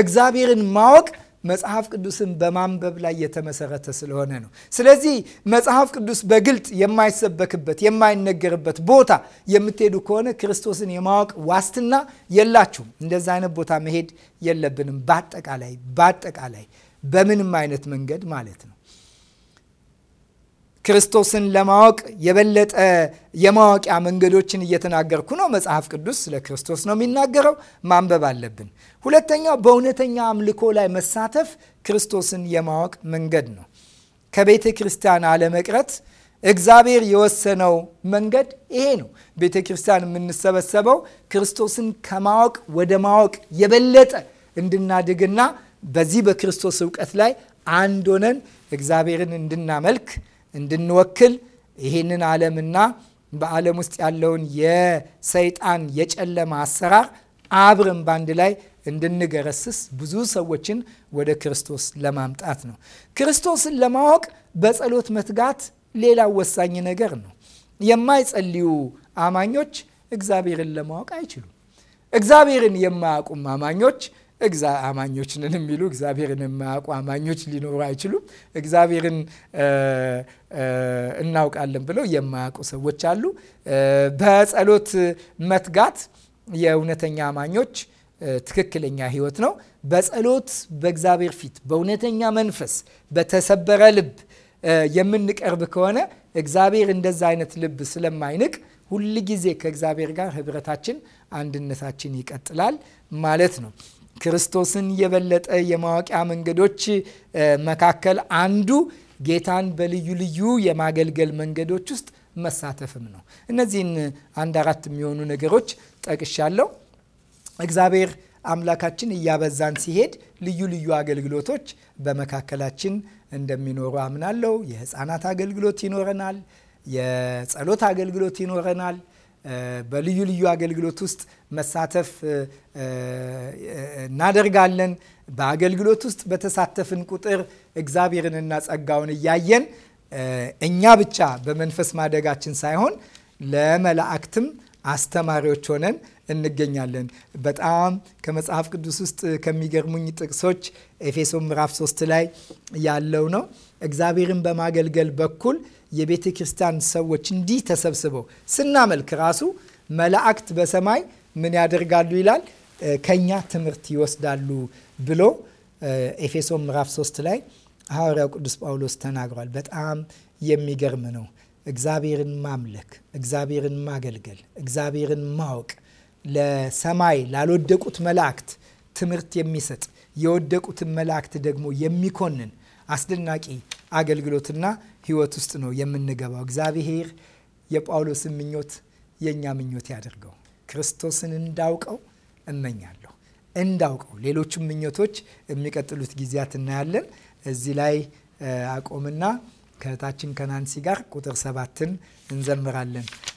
እግዚአብሔርን ማወቅ መጽሐፍ ቅዱስን በማንበብ ላይ የተመሰረተ ስለሆነ ነው። ስለዚህ መጽሐፍ ቅዱስ በግልጥ የማይሰበክበት የማይነገርበት ቦታ የምትሄዱ ከሆነ ክርስቶስን የማወቅ ዋስትና የላችሁም። እንደዛ አይነት ቦታ መሄድ የለብንም። በአጠቃላይ በአጠቃላይ በምንም አይነት መንገድ ማለት ነው። ክርስቶስን ለማወቅ የበለጠ የማወቂያ መንገዶችን እየተናገርኩ ነው። መጽሐፍ ቅዱስ ስለ ክርስቶስ ነው የሚናገረው፣ ማንበብ አለብን። ሁለተኛው በእውነተኛ አምልኮ ላይ መሳተፍ ክርስቶስን የማወቅ መንገድ ነው። ከቤተ ክርስቲያን አለመቅረት እግዚአብሔር የወሰነው መንገድ ይሄ ነው። ቤተ ክርስቲያን የምንሰበሰበው ክርስቶስን ከማወቅ ወደ ማወቅ የበለጠ እንድናድግና በዚህ በክርስቶስ እውቀት ላይ አንድ ሆነን እግዚአብሔርን እንድናመልክ እንድንወክል ይህንን ዓለምና በዓለም ውስጥ ያለውን የሰይጣን የጨለማ አሰራር አብረን ባንድ ላይ እንድንገረስስ ብዙ ሰዎችን ወደ ክርስቶስ ለማምጣት ነው። ክርስቶስን ለማወቅ በጸሎት መትጋት ሌላው ወሳኝ ነገር ነው። የማይጸልዩ አማኞች እግዚአብሔርን ለማወቅ አይችሉም። እግዚአብሔርን የማያውቁም አማኞች አማኞች ነን የሚሉ እግዚአብሔርን የማያውቁ አማኞች ሊኖሩ አይችሉም። እግዚአብሔርን እናውቃለን ብለው የማያውቁ ሰዎች አሉ። በጸሎት መትጋት የእውነተኛ አማኞች ትክክለኛ ህይወት ነው። በጸሎት በእግዚአብሔር ፊት በእውነተኛ መንፈስ በተሰበረ ልብ የምንቀርብ ከሆነ እግዚአብሔር እንደዛ አይነት ልብ ስለማይንቅ ጊዜ ከእግዚአብሔር ጋር ህብረታችን፣ አንድነታችን ይቀጥላል ማለት ነው። ክርስቶስን የበለጠ የማወቂያ መንገዶች መካከል አንዱ ጌታን በልዩ ልዩ የማገልገል መንገዶች ውስጥ መሳተፍም ነው። እነዚህን አንድ አራት የሚሆኑ ነገሮች ጠቅሻለሁ። እግዚአብሔር አምላካችን እያበዛን ሲሄድ ልዩ ልዩ አገልግሎቶች በመካከላችን እንደሚኖሩ አምናለሁ። የህፃናት አገልግሎት ይኖረናል። የጸሎት አገልግሎት ይኖረናል። በልዩ ልዩ አገልግሎት ውስጥ መሳተፍ እናደርጋለን። በአገልግሎት ውስጥ በተሳተፍን ቁጥር እግዚአብሔርንና ጸጋውን እያየን እኛ ብቻ በመንፈስ ማደጋችን ሳይሆን ለመላእክትም አስተማሪዎች ሆነን እንገኛለን። በጣም ከመጽሐፍ ቅዱስ ውስጥ ከሚገርሙኝ ጥቅሶች ኤፌሶ ምዕራፍ 3 ላይ ያለው ነው። እግዚአብሔርን በማገልገል በኩል የቤተ ክርስቲያን ሰዎች እንዲህ ተሰብስበው ስናመልክ ራሱ መላእክት በሰማይ ምን ያደርጋሉ ይላል ከኛ ትምህርት ይወስዳሉ ብሎ ኤፌሶ ምዕራፍ 3 ላይ ሐዋርያው ቅዱስ ጳውሎስ ተናግሯል። በጣም የሚገርም ነው። እግዚአብሔርን ማምለክ፣ እግዚአብሔርን ማገልገል፣ እግዚአብሔርን ማወቅ ለሰማይ ላልወደቁት መላእክት ትምህርት የሚሰጥ የወደቁትን መላእክት ደግሞ የሚኮንን አስደናቂ አገልግሎትና ህይወት ውስጥ ነው የምንገባው። እግዚአብሔር የጳውሎስን ምኞት የእኛ ምኞት ያደርገው። ክርስቶስን እንዳውቀው እመኛለሁ እንዳውቀው። ሌሎቹም ምኞቶች የሚቀጥሉት ጊዜያት እናያለን። እዚህ ላይ አቆምና ከእህታችን ከናንሲ ጋር ቁጥር ሰባትን እንዘምራለን።